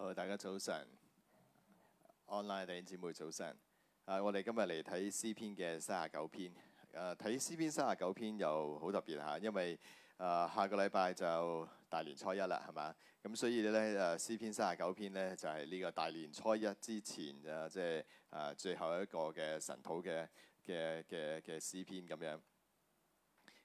好，Hello, 大家早晨，online 弟兄姊妹早晨。啊、uh,，我哋今日嚟睇詩篇嘅三十九篇。誒，睇詩篇三十九篇又好特別嚇，uh, 因為誒、uh, 下個禮拜就大年初一啦，係嘛？咁所以咧誒，uh, 詩篇三十九篇咧就係、是、呢個大年初一之前嘅，即係誒最後一個嘅神土嘅嘅嘅嘅詩篇咁樣。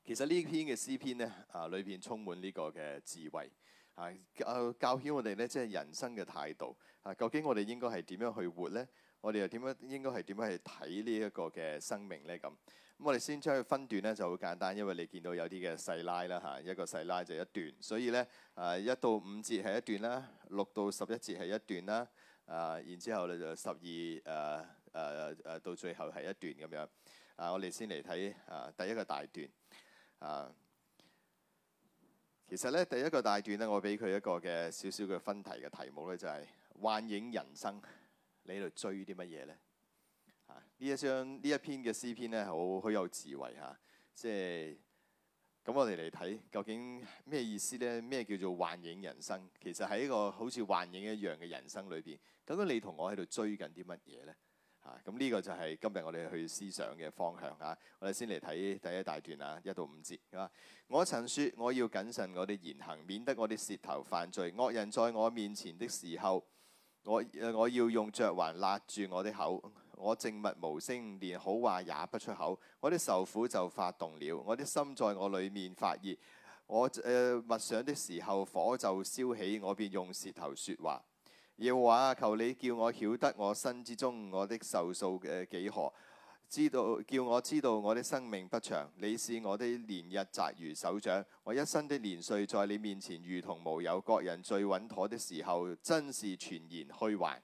其實呢篇嘅詩篇咧，啊裏邊充滿呢個嘅智慧。啊教教曉我哋咧，即係人生嘅態度。啊，究竟我哋應該係點樣去活咧？我哋又點樣應該係點樣去睇呢一個嘅生命咧？咁，咁我哋先將佢分段咧就好簡單，因為你見到有啲嘅細拉啦嚇，一個細拉就一段，所以咧啊一到五節係一段啦，六到十一節係一段啦，啊然之後咧就十二誒誒誒到最後係一段咁樣。啊，我哋先嚟睇啊第一個大段啊。其實咧，第一個大段咧，我俾佢一個嘅少少嘅分題嘅題目咧，就係幻影人生，你喺度追啲乜嘢咧？啊，呢一張呢一篇嘅詩篇咧，好，好有智慧嚇。即係咁，我哋嚟睇究竟咩意思呢？咩叫做幻影人生？其實喺一個好似幻影一樣嘅人生裏邊，究竟你同我喺度追緊啲乜嘢呢？啊，咁、這、呢個就係今日我哋去思想嘅方向啊！我哋先嚟睇第一大段啊，一到五節啊。我曾説我要謹慎我哋言行，免得我哋舌頭犯罪。惡人在我面前的時候，我、呃、我要用嚼環勒住我的口，我靜默無聲，連好話也不出口。我的愁苦就發動了，我的心在我裏面發熱。我默想、呃、的時候，火就燒起，我便用舌頭說話。要話求你叫我曉得我身之中我的壽數嘅幾何，知道叫我知道我的生命不長。你是我的年日窄如手掌，我一生的年歲在你面前如同無有。各人最穩妥的時候，真是全然虛幻。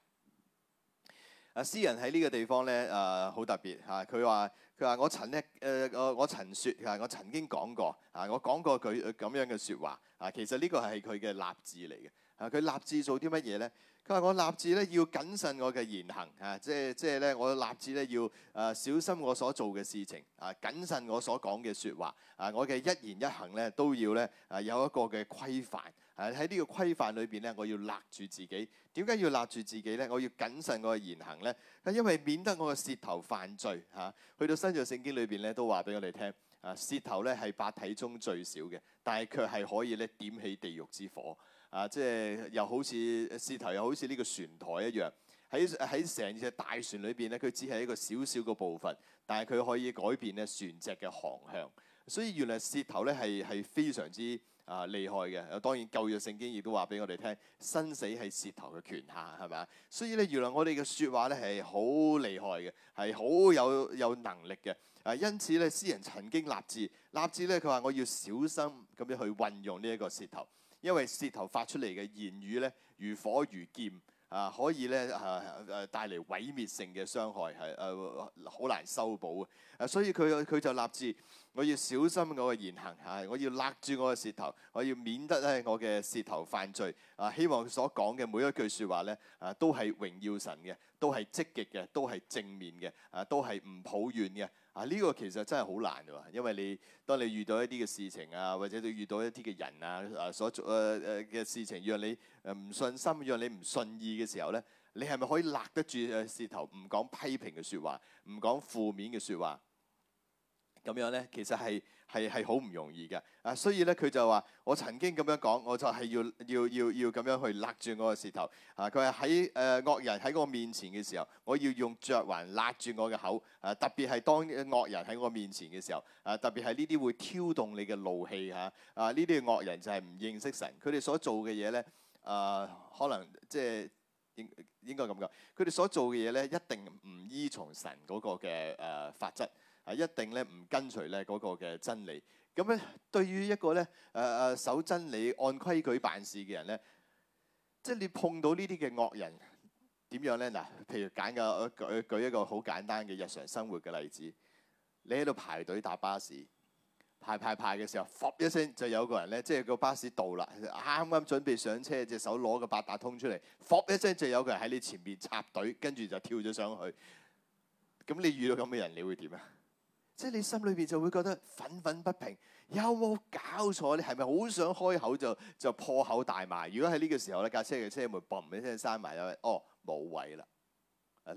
啊！詩人喺呢個地方咧，啊好特別嚇。佢話佢話我曾咧，誒我我曾説啊，我曾,我曾經講過啊，我講過佢咁樣嘅説話啊。其實呢個係佢嘅立志嚟嘅啊。佢立志做啲乜嘢咧？我立志咧要謹慎我嘅言行，啊，即係即係咧，我立志咧要啊小心我所做嘅事情，啊謹慎我所講嘅説話，啊我嘅一言一行咧都要咧啊有一個嘅規範，喺呢個規範裏邊咧，我要勒住自己。點解要勒住自己咧？我要謹慎我嘅言行咧，因為免得我嘅舌頭犯罪嚇。去到新約聖經裏邊咧，面都話俾我哋聽，啊舌頭咧係八體中最少嘅，但係卻係可以咧點起地獄之火。啊，即係又好似舌頭又好似呢個船台一樣，喺喺成隻大船裏邊咧，佢只係一個小小嘅部分，但係佢可以改變咧船隻嘅航向。所以原來舌頭咧係係非常之啊厲害嘅。當然舊約聖經亦都話俾我哋聽，生死係舌頭嘅權下，係咪？所以咧，原來我哋嘅説話咧係好厲害嘅，係好有有能力嘅。啊，因此咧，詩人曾經立志，立志咧佢話我要小心咁樣去運用呢一個舌頭。因為舌頭發出嚟嘅言語咧，如火如劍啊，可以咧誒誒帶嚟毀滅性嘅傷害，係誒好難修補嘅。所以佢佢就立志，我要小心我嘅言行嚇，我要勒住我嘅舌頭，我要免得咧我嘅舌頭犯罪。啊，希望所講嘅每一句説話咧，啊都係榮耀神嘅，都係積極嘅，都係正面嘅，啊都係唔抱怨嘅。啊！呢、這個其實真係好難嘅、啊、喎，因為你當你遇到一啲嘅事情啊，或者你遇到一啲嘅人啊，啊所做誒嘅事情，讓你唔信心，讓你唔信意嘅時候咧，你係咪可以勒得住誒舌頭，唔講批評嘅説話，唔講負面嘅説話？咁樣咧，其實係。係係好唔容易嘅，啊，所以咧佢就話：我曾經咁樣講，我就係要要要要咁樣去勒住我個舌頭。啊，佢係喺誒惡人喺我面前嘅時候，我要用嚼環勒住我嘅口。啊，特別係當惡人喺我面前嘅時候，啊，特別係呢啲會挑動你嘅怒氣嚇。啊，呢啲惡人就係唔認識神，佢哋所做嘅嘢咧，啊、呃，可能即係應應該咁講，佢哋所做嘅嘢咧一定唔依從神嗰個嘅誒、呃、法則。一定咧唔跟隨咧嗰個嘅真理。咁咧，對於一個咧誒誒守真理、按規矩辦事嘅人咧，即係你碰到呢啲嘅惡人，點樣咧？嗱，譬如揀個舉舉一個好簡單嘅日常生活嘅例子，你喺度排隊搭巴士，排排排嘅時候，噏一聲就有個人咧，即係個巴士到啦，啱啱準備上車，隻手攞個八達通出嚟，噏一聲就有個人喺你前面插隊，跟住就跳咗上去。咁你遇到咁嘅人，你會點啊？即係你心裏邊就會覺得憤憤不平，有冇搞錯？你係咪好想開口就就破口大罵？如果喺呢個時候咧，架車嘅車門嘣一聲閂埋咗，因為哦冇位啦，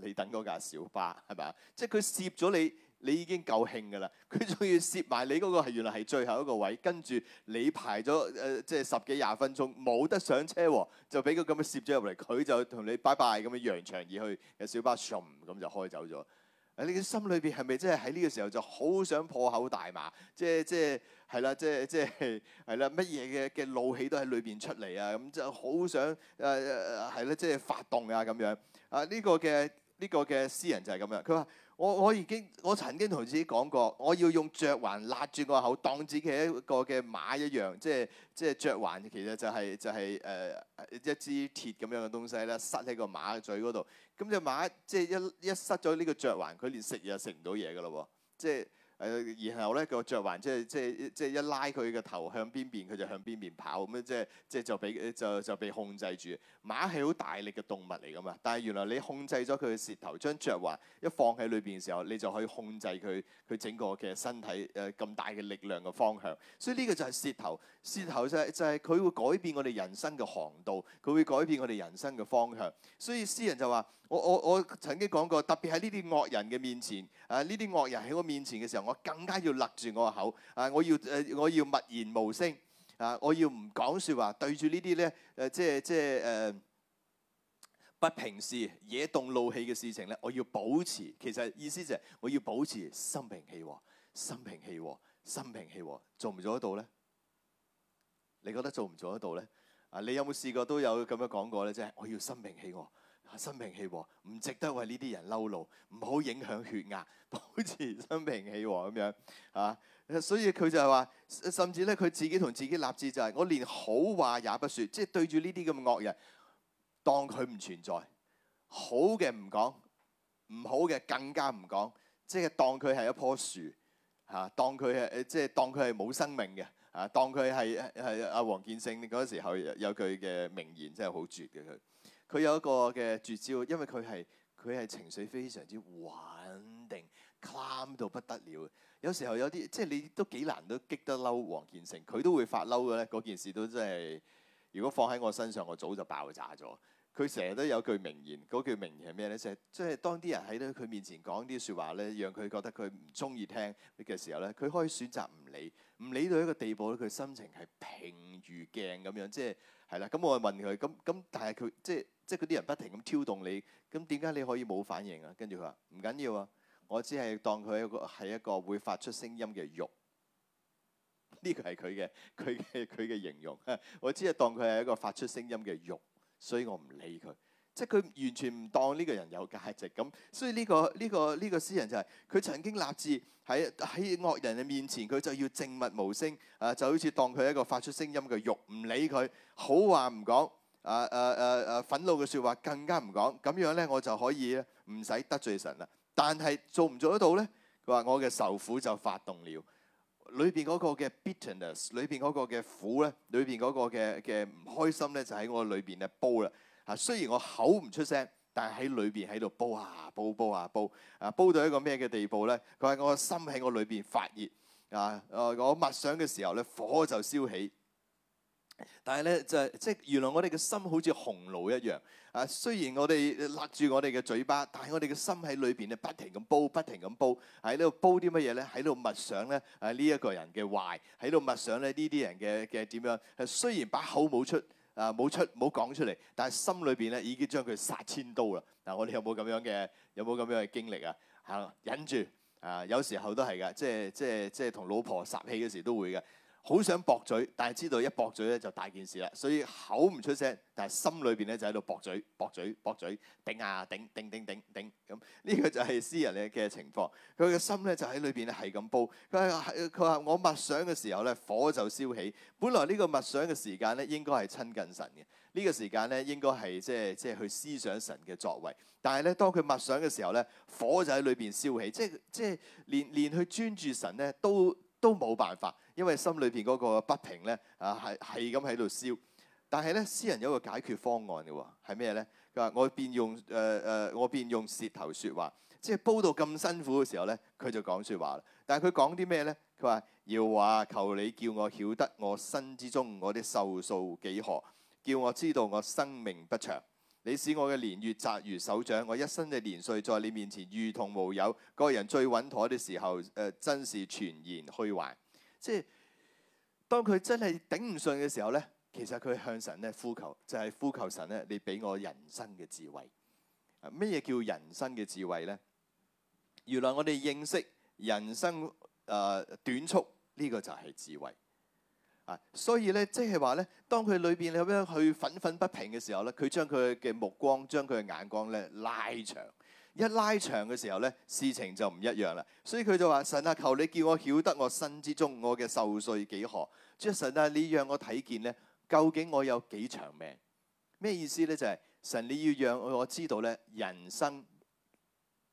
你等嗰架小巴係咪？即係佢攝咗你，你已經夠興㗎啦，佢仲要攝埋你嗰、嗰個係原來係最後一個位，跟住你排咗誒、呃、即係十幾廿分鐘冇得上車喎，就俾佢咁樣攝咗入嚟，佢就同你拜拜咁樣揚長而去，有、嗰個、小巴噉咁就開走咗。誒，你嘅心裏邊係咪真係喺呢個時候就好想破口大罵？即係即係係啦，即係即係係啦，乜嘢嘅嘅怒氣都喺裏邊出嚟啊！咁就好想誒係啦，即係發動啊咁樣啊！呢個嘅呢個嘅詩人就係咁樣，佢話。我我已經，我曾經同自己講過，我要用嚼環勒住個口，當自己一個嘅馬一樣，即係即係嚼環其實就係、係、就係、係、誒、就係呃、一支鐵咁樣嘅東西啦，塞喺個馬嘅嘴嗰度，咁、咁、隻、個、馬即係一一塞咗呢個嚼環，佢連食嘢都食唔到嘢噶咯喎，即係。誒，然後咧個嚼環即係即係即係一拉佢嘅頭向邊邊，佢就向邊邊跑咁樣、就是，即係即係就俾就就被控制住。馬係好大力嘅動物嚟噶嘛，但係原來你控制咗佢嘅舌頭，將嚼環一放喺裏邊嘅時候，你就可以控制佢佢整個嘅身體誒咁大嘅力量嘅方向。所以呢個就係舌頭，舌頭就係就係佢會改變我哋人生嘅航道，佢會改變我哋人生嘅方向。所以詩人就話：我我我曾經講過，特別喺呢啲惡人嘅面前，誒呢啲惡人喺我面前嘅時候，我。更加要勒住我個口啊！我要誒，我要默然無聲，啊！我要唔講説話，對住呢啲咧誒，即係即係誒不平事、惹動怒氣嘅事情咧，我要保持。其實意思就係，我要保持心平氣和，心平氣和，心平氣和，做唔做得到咧？你覺得做唔做得到咧？啊，你有冇試過都有咁樣講過咧？即係，我要心平氣和。心平氣和，唔值得為呢啲人嬲怒，唔好影響血壓，保持心平氣和咁樣嚇、啊。所以佢就係話，甚至咧佢自己同自己立志就係，我連好話也不説，即係對住呢啲咁惡人，當佢唔存在，好嘅唔講，唔好嘅更加唔講，即係當佢係一棵樹嚇、啊，當佢係即係當佢係冇生命嘅嚇、啊，當佢係係阿黃健勝嗰時候，有佢嘅名言真，真係好絕嘅佢。佢有一個嘅絕招，因為佢係佢係情緒非常之穩定，calm 到不得了。有時候有啲即係你都幾難都激得嬲黃建成，佢都會發嬲嘅咧。嗰件事都真係，如果放喺我身上，我早就爆炸咗。佢成日都有句名言，嗰是的 句名言係咩咧？即係即係當啲人喺咧佢面前講啲説話咧，讓佢覺得佢唔中意聽嘅時候咧，佢可以選擇唔理，唔理到一個地步咧，佢心情係平如鏡咁樣，即係。係啦，咁我問佢，咁咁，但係佢即係即係啲人不停咁挑動你，咁點解你可以冇反應啊？跟住佢話「唔緊要啊，我只係當佢係一個係一個會發出聲音嘅肉。」呢個係佢嘅佢嘅佢嘅形容，我只係當佢係一個發出聲音嘅肉，所以我唔理佢。即係佢完全唔當呢個人有價值咁，所以呢個呢個呢個詩人就係佢曾經立志喺喺惡人嘅面前，佢就要靜默無聲啊，就好似當佢一個發出聲音嘅肉，唔理佢好話唔講啊啊啊啊憤怒嘅説話更加唔講，咁樣咧我就可以唔使得罪神啦。但係做唔做得到咧？佢話我嘅愁苦就發動了，裏邊嗰個嘅 bitterness，裏邊嗰個嘅苦咧，裏邊嗰個嘅嘅唔開心咧，就喺我裏邊咧煲啦。啊，雖然我口唔出聲，但係喺裏邊喺度煲下、煲煲下、煲，啊煲，煲，煲，煲，煲到一個咩嘅地步咧？佢話我個心喺我裏邊發熱啊！我默想嘅時候咧，火就燒起。但係咧就係即係原來我哋嘅心好似紅爐一樣啊！雖然我哋勒住我哋嘅嘴巴，但係我哋嘅心喺裏邊咧不停咁煲，不停咁煲，喺呢度煲啲乜嘢咧？喺度默想咧，呢、啊、一、這個人嘅壞，喺度默想咧呢啲人嘅嘅點樣？係、啊、雖然把口冇出。啊！冇出冇講出嚟，但係心裏邊咧已經將佢殺千刀啦！嗱、啊，我哋有冇咁樣嘅？有冇咁樣嘅經歷啊？吓、啊、忍住啊！有時候都係㗎，即係即係即係同老婆殺氣嘅時都會嘅。好想駁嘴，但係知道一駁嘴咧就大件事啦，所以口唔出聲，但係心裏邊咧就喺度駁嘴、駁嘴、駁嘴，頂啊，頂、頂、頂、頂、頂咁。呢個就係私人嘅嘅情況。佢嘅心咧就喺裏邊咧係咁煲。佢係佢話：我默想嘅時候咧火就燒起。本來呢個默想嘅時間咧應該係親近神嘅，呢個時間咧應該係即係即係去思想神嘅作為。但係咧當佢默想嘅時候咧火就喺裏邊燒起，即係即係連連去專注神咧都都冇辦法。因為心裏邊嗰個不平咧啊，係係咁喺度燒。但係咧，詩人有個解決方案嘅喎，係咩咧？佢話：我便用誒誒、呃，我便用舌頭説話。即係煲到咁辛苦嘅時候咧，佢就講説話啦。但係佢講啲咩咧？佢話要話求你叫我曉得我身之終，我啲壽數幾何，叫我知道我生命不長。你使我嘅年月窄如手掌，我一生嘅年歲在你面前如同無有。個人最穩妥嘅時候誒、呃，真是全然虛幻。即係當佢真係頂唔順嘅時候咧，其實佢向神咧呼求，就係、是、呼求神咧，你俾我人生嘅智慧。咩、啊、嘢叫人生嘅智慧咧？原來我哋認識人生誒、呃、短促呢、這個就係智慧啊！所以咧，即係話咧，當佢裏邊有樣去憤憤不平嘅時候咧，佢將佢嘅目光，將佢嘅眼光咧拉長。一拉長嘅時候咧，事情就唔一樣啦。所以佢就話：神啊，求你叫我曉得我身之中我嘅壽歲幾何？主啊，神啊，你讓我睇見咧，究竟我有幾長命？咩意思咧？就係神，你要讓我知道咧，人生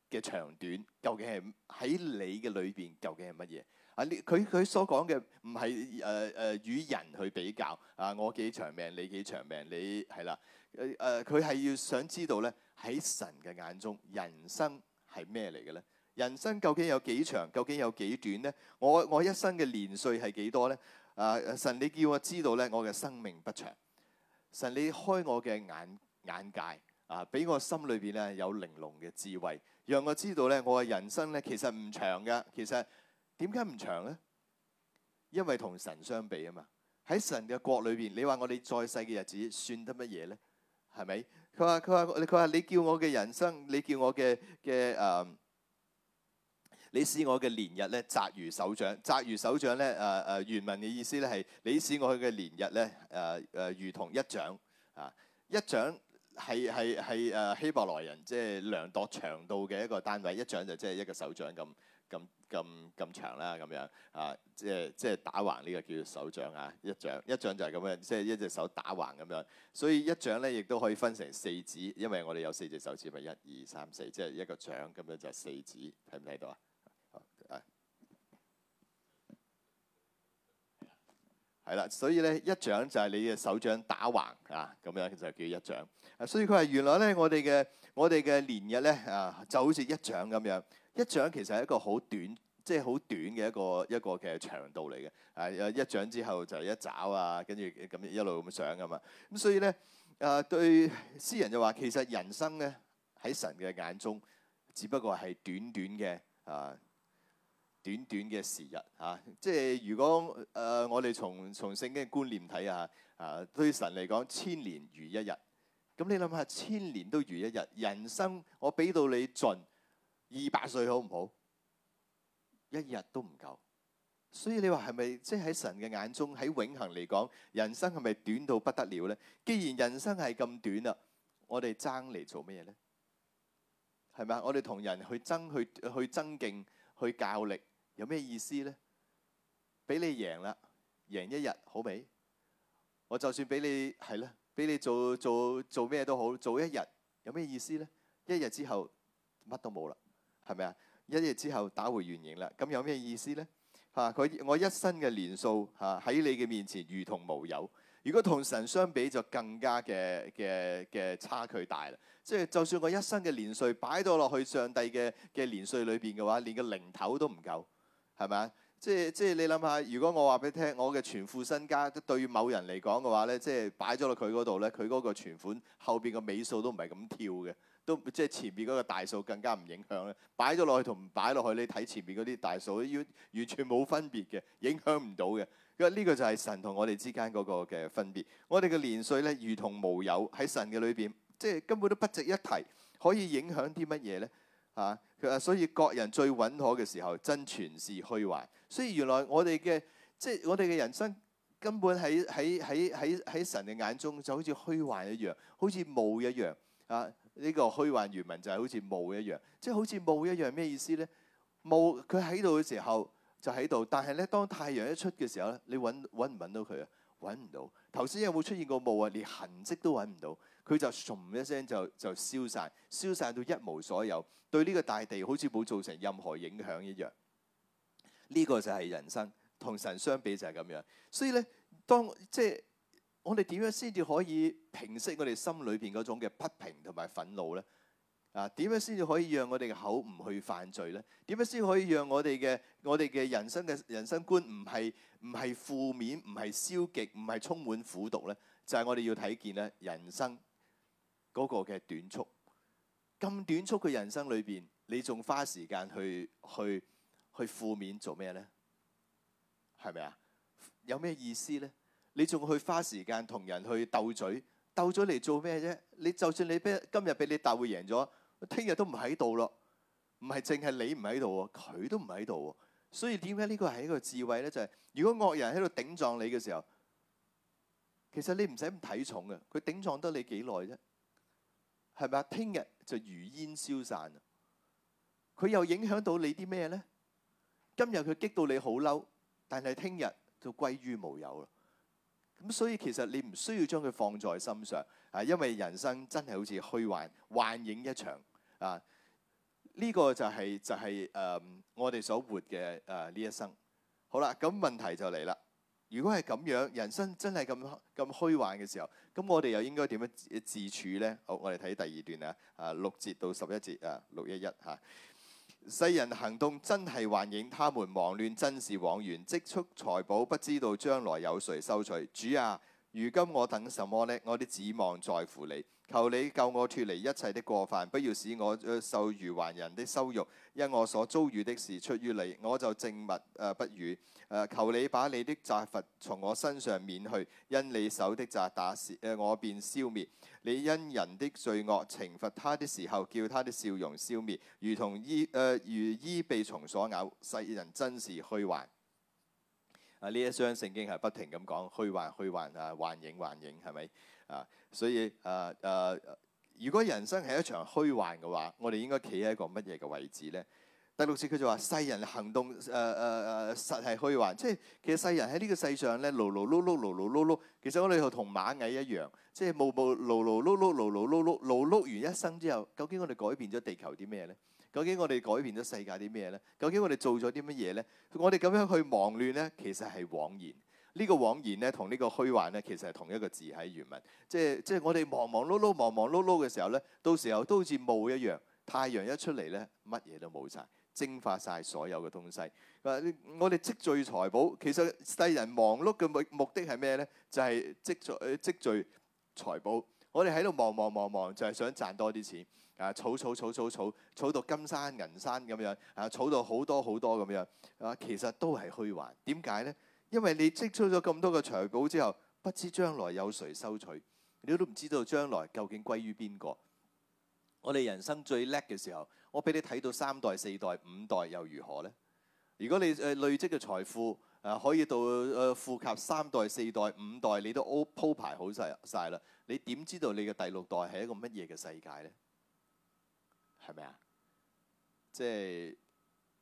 嘅長短究竟係喺你嘅裏邊究竟係乜嘢？啊，佢佢所講嘅唔係誒誒與人去比較啊，我幾長命，你幾長命，你係啦。誒佢係要想知道咧，喺神嘅眼中，人生係咩嚟嘅咧？人生究竟有幾長？究竟有幾短咧？我我一生嘅年歲係幾多咧？啊，呃，神，你叫我知道咧，我嘅生命不長。神，你開我嘅眼眼界啊，俾我心裏邊咧有玲瓏嘅智慧，讓我知道咧，我嘅人生咧其實唔長噶其實點解唔長咧？因為同神相比啊嘛。喺神嘅國裏邊，你話我哋在世嘅日子算得乜嘢咧？係咪？佢話佢話你佢話你叫我嘅人生，你叫我嘅嘅誒，你使我嘅年日咧窄如手掌，窄如手掌咧誒誒，原文嘅意思咧係你使我佢嘅年日咧誒誒，如同一掌啊！一掌，係係係誒希伯來人即係、就是、量度長度嘅一個單位，一掌就即係一個手掌咁。咁咁長啦，咁樣啊，即係即係打橫呢個叫做手掌啊，一掌一掌就係咁樣，即係一隻手打橫咁樣。所以一掌咧，亦都可以分成四指，因為我哋有四隻手指，咪一二三四，即係一個掌咁樣就係四指，睇唔睇到啊？係啦，所以咧一掌就係你嘅手掌打橫啊，咁樣就叫一掌。所以佢話原來咧，我哋嘅我哋嘅年日咧啊，就好似一掌咁樣。一掌其實係一個好短，即係好短嘅一個一個嘅長度嚟嘅。啊，一一掌之後就一爪啊，跟住咁一路咁上啊嘛。咁所以咧，誒、呃、對詩人就話，其實人生咧喺神嘅眼中，只不過係短短嘅啊，短短嘅時日嚇、啊。即係如果誒、呃、我哋從從聖經嘅觀念睇下，啊對神嚟講千年如一日。咁你諗下，千年都如一日，人生我俾到你盡。二百歲好唔好？一日都唔夠，所以你話係咪即係喺神嘅眼中喺永恆嚟講，人生係咪短到不得了呢？既然人生係咁短啦，我哋爭嚟做咩呢？係咪？我哋同人去爭去去增勁去較力，有咩意思呢？俾你贏啦，贏一日好未？我就算俾你係啦，俾你做做做咩都好，做一日有咩意思呢？一日之後乜都冇啦。係咪啊？一夜之後打回原形啦。咁有咩意思呢？啊，佢我一生嘅年數嚇喺你嘅面前如同無有。如果同神相比，就更加嘅嘅嘅差距大啦。即係就算我一生嘅年歲擺到落去上帝嘅嘅年歲裏邊嘅話，連個零頭都唔夠，係咪啊？即係即係你諗下，如果我話俾你聽，我嘅全副身家對於某人嚟講嘅話咧，即係擺咗落佢嗰度咧，佢嗰個存款後邊嘅尾數都唔係咁跳嘅。都即係前面嗰個大數更加唔影響咧，擺咗落去同唔擺落去，你睇前面嗰啲大數要完全冇分別嘅，影響唔到嘅。因為呢個就係神同我哋之間嗰個嘅分別。我哋嘅年歲咧，如同無有喺神嘅裏邊，即係根本都不值一提，可以影響啲乜嘢咧？啊，佢話所以各人最穩妥嘅時候，真全是虛幻。所以原來我哋嘅即係我哋嘅人生，根本喺喺喺喺喺神嘅眼中就好似虛幻一樣，好似霧一樣啊。呢個虛幻原文就係好似霧一樣，即係好似霧一樣咩意思呢？霧佢喺度嘅時候就喺度，但係咧當太陽一出嘅時候咧，你揾唔揾到佢啊？揾唔到。頭先有冇出現過霧啊？連痕跡都揾唔到，佢就噹噹一聲就就消散，消散到一無所有，對呢個大地好似冇造成任何影響一樣。呢個就係人生，同神相比就係咁樣。所以咧，當即係。我哋點樣先至可以平息我哋心裏邊嗰種嘅不平同埋憤怒呢？啊，點樣先至可以讓我哋嘅口唔去犯罪呢？點樣先可以讓我哋嘅我哋嘅人生嘅人生觀唔係唔係負面，唔係消極，唔係充滿苦毒呢？就係我哋要睇見咧，人生嗰個嘅短促，咁短促嘅人生裏邊，你仲花時間去去去負面做咩呢？係咪啊？有咩意思呢？你仲去花時間同人去鬥嘴，鬥咗嚟做咩啫？你就算你俾今日俾你鬥，會贏咗，聽日都唔喺度咯。唔係淨係你唔喺度喎，佢都唔喺度喎。所以點解呢個係一個智慧呢？就係如果惡人喺度頂撞你嘅時候，其實你唔使咁睇重嘅。佢頂撞得你幾耐啫？係咪啊？聽日就如煙消散啊！佢又影響到你啲咩呢？今日佢激到你好嬲，但係聽日就歸於無有啦。咁所以其實你唔需要將佢放在心上啊，因為人生真係好似虛幻幻影一場啊，呢、呢個就係、是、就係、是、誒、呃、我哋所活嘅誒呢一生。好啦，咁問題就嚟啦。如果係咁樣，人生真係咁咁虛幻嘅時候，咁我哋又應該點樣自處呢？好，我哋睇第二段啊，啊六節到十一節啊，六一一嚇。世人行動真係幻影，他們忙亂真是枉然，積蓄財寶，不知道將來有誰收取。主啊，如今我等什麼呢？我的指望在乎你。求你救我脫離一切的過犯，不要使我受愚頑人的羞辱，因我所遭遇的事出於你，我就靜默不語。求你把你的責罰從我身上免去，因你手的責打，我便消滅。你因人的罪惡懲罰他的時候，叫他的笑容消滅，如同衣、呃、如衣被蟲所咬，世人真是虛幻。啊，呢一章聖經係不停咁講虛幻，虛幻啊，幻影，幻影係咪？啊，所以誒誒，如果人生係一場虛幻嘅話，我哋應該企喺一個乜嘢嘅位置咧？第六節，佢就話：世人行動誒誒誒，實係虛幻。即係其實世人喺呢個世上咧，勞勞碌碌，勞勞碌碌。其實我哋同螞蟻一樣，即係無無勞勞碌碌，勞勞碌碌，勞碌完一生之後，究竟我哋改變咗地球啲咩咧？究竟我哋改變咗世界啲咩咧？究竟我哋做咗啲乜嘢咧？我哋咁樣去忙亂咧，其實係枉然。個呢個妄言咧，同呢個虛幻咧，其實係同一個字喺原文。即係即係我哋忙忙碌碌、忙忙碌碌嘅時候咧，到時候都好似霧一樣。太陽一出嚟咧，乜嘢都冇晒，蒸發晒所有嘅東西。我哋積聚財寶，其實世人忙碌嘅目目的係咩咧？就係積聚積聚財寶。我哋喺度忙忙忙忙，就係想賺多啲錢。啊！儲儲儲儲儲到金山銀山咁樣，啊儲到好多好多咁樣。啊，其實都係虛幻。點解咧？因為你積出咗咁多嘅財富之後，不知將來有誰收取，你都唔知道將來究竟歸於邊個。我哋人生最叻嘅時候，我俾你睇到三代、四代、五代又如何呢？如果你累積嘅財富，啊、可以到誒、啊、富及三代、四代、五代，你都鋪排好晒晒啦，你點知道你嘅第六代係一個乜嘢嘅世界呢？係咪啊？即係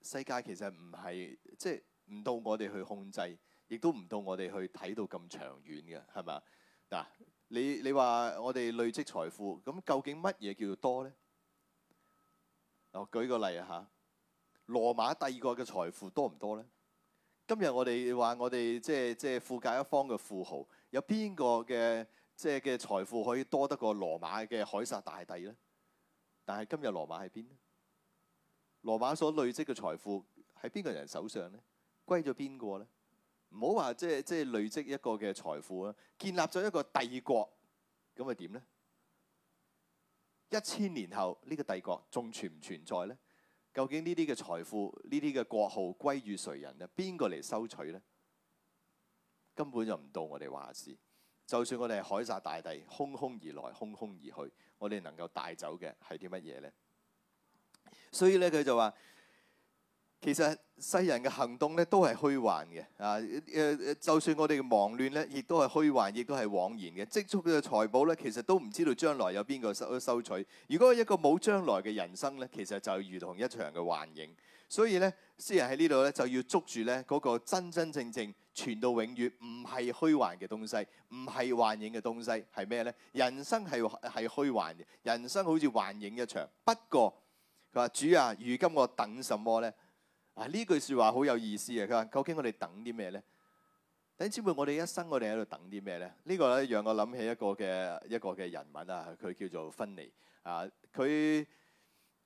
世界其實唔係即係唔到我哋去控制。亦都唔到我哋去睇到咁長遠嘅，係咪？嗱，你你話我哋累積財富，咁究竟乜嘢叫做多呢？我舉個例啊嚇，羅馬帝國嘅財富多唔多呢？今日我哋話我哋即係即係富甲一方嘅富豪，有邊個嘅即係嘅財富可以多得過羅馬嘅凱撒大帝呢？但係今日羅馬喺邊呢？羅馬所累積嘅財富喺邊個人手上呢？歸咗邊個呢？唔好話即係即係累積一個嘅財富啊！建立咗一個帝國，咁咪點呢？一千年後呢、呢個帝國仲存唔存在呢？究竟呢啲嘅財富、呢啲嘅國號歸於誰人嘅？邊個嚟收取呢？根本就唔到我哋話事。就算我哋係凱撒大帝，空空而來，空空而去，我哋能夠帶走嘅係啲乜嘢呢？所以咧，佢就話。其實世人嘅行動咧都係虛幻嘅啊！誒、呃、誒，就算我哋嘅忙亂咧，亦都係虛幻，亦都係枉然嘅。積蓄嘅財寶咧，其實都唔知道將來有邊個收收取。如果一個冇將來嘅人生咧，其實就如同一場嘅幻影。所以咧，詩人喺呢度咧就要捉住咧嗰、那個真真正正傳到永遠，唔係虛幻嘅東西，唔係幻影嘅東西係咩咧？人生係係虛幻嘅，人生好似幻影一場。不過佢話：主啊，如今我等什麼咧？啊！呢句說話好有意思嘅，佢話：究竟我哋等啲咩呢？等之輩，我哋一生我哋喺度等啲咩呢？呢、這個咧讓我諗起一個嘅一個嘅人物啊，佢叫做芬尼啊，佢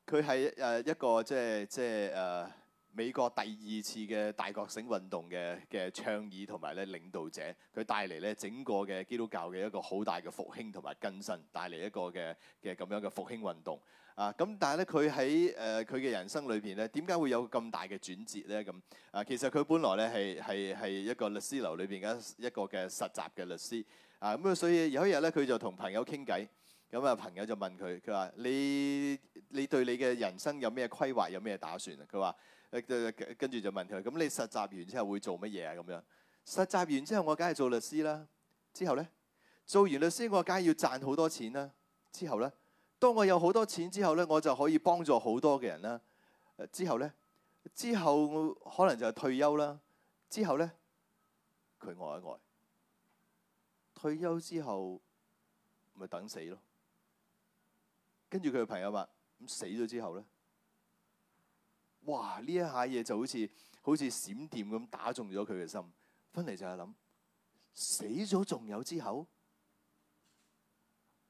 佢係誒一個即係即係誒、啊、美國第二次嘅大覺醒運動嘅嘅倡議同埋咧領導者，佢帶嚟咧整個嘅基督教嘅一個好大嘅復興同埋更新，帶嚟一個嘅嘅咁樣嘅復興運動。啊，咁但係咧，佢喺誒佢嘅人生裏邊咧，點解會有咁大嘅轉折咧？咁啊，其實佢本來咧係係係一個律師樓裏邊嘅一個嘅實習嘅律師啊，咁、嗯、啊，所以有一日咧，佢就同朋友傾偈，咁、嗯、啊，朋友就問佢，佢話你你對你嘅人生有咩規劃，有咩打算啊？佢話誒，跟住就問佢，咁、嗯、你實習完之後會做乜嘢啊？咁樣實習完之後，我梗係做律師啦。之後咧，做完律師，我梗係要賺好多錢啦。之後咧。當我有好多錢之後咧，我就可以幫助好多嘅人啦。之後咧，之後我可能就係退休啦。之後咧，佢呆一呆，退休之後咪等死咯。跟住佢嘅朋友話：咁死咗之後咧？哇！呢一下嘢就好似好似閃電咁打中咗佢嘅心。翻嚟，就係諗：死咗仲有之後？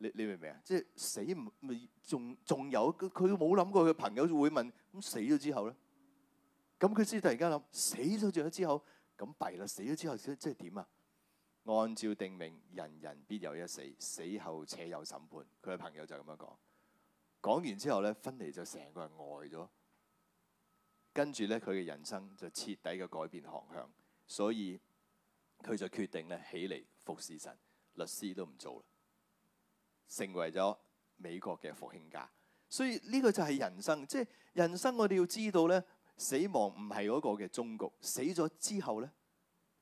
你你明唔明啊？即係死唔咪仲仲有，佢冇諗過佢朋友會問，咁死咗之後咧？咁佢先突然間諗，死咗之後，咁弊啦！死咗之後即即係點啊？ 按照定命，人人必有一死，死後且有審判。佢嘅朋友就咁樣講，講完之後咧，芬尼就成個人呆咗，跟住咧，佢嘅人生就徹底嘅改變航向，所以佢就決定咧，起嚟服侍神，律師都唔做啦。成為咗美國嘅復興家，所以呢個就係人生。即係人生，我哋要知道咧，死亡唔係嗰個嘅終局，死咗之後咧，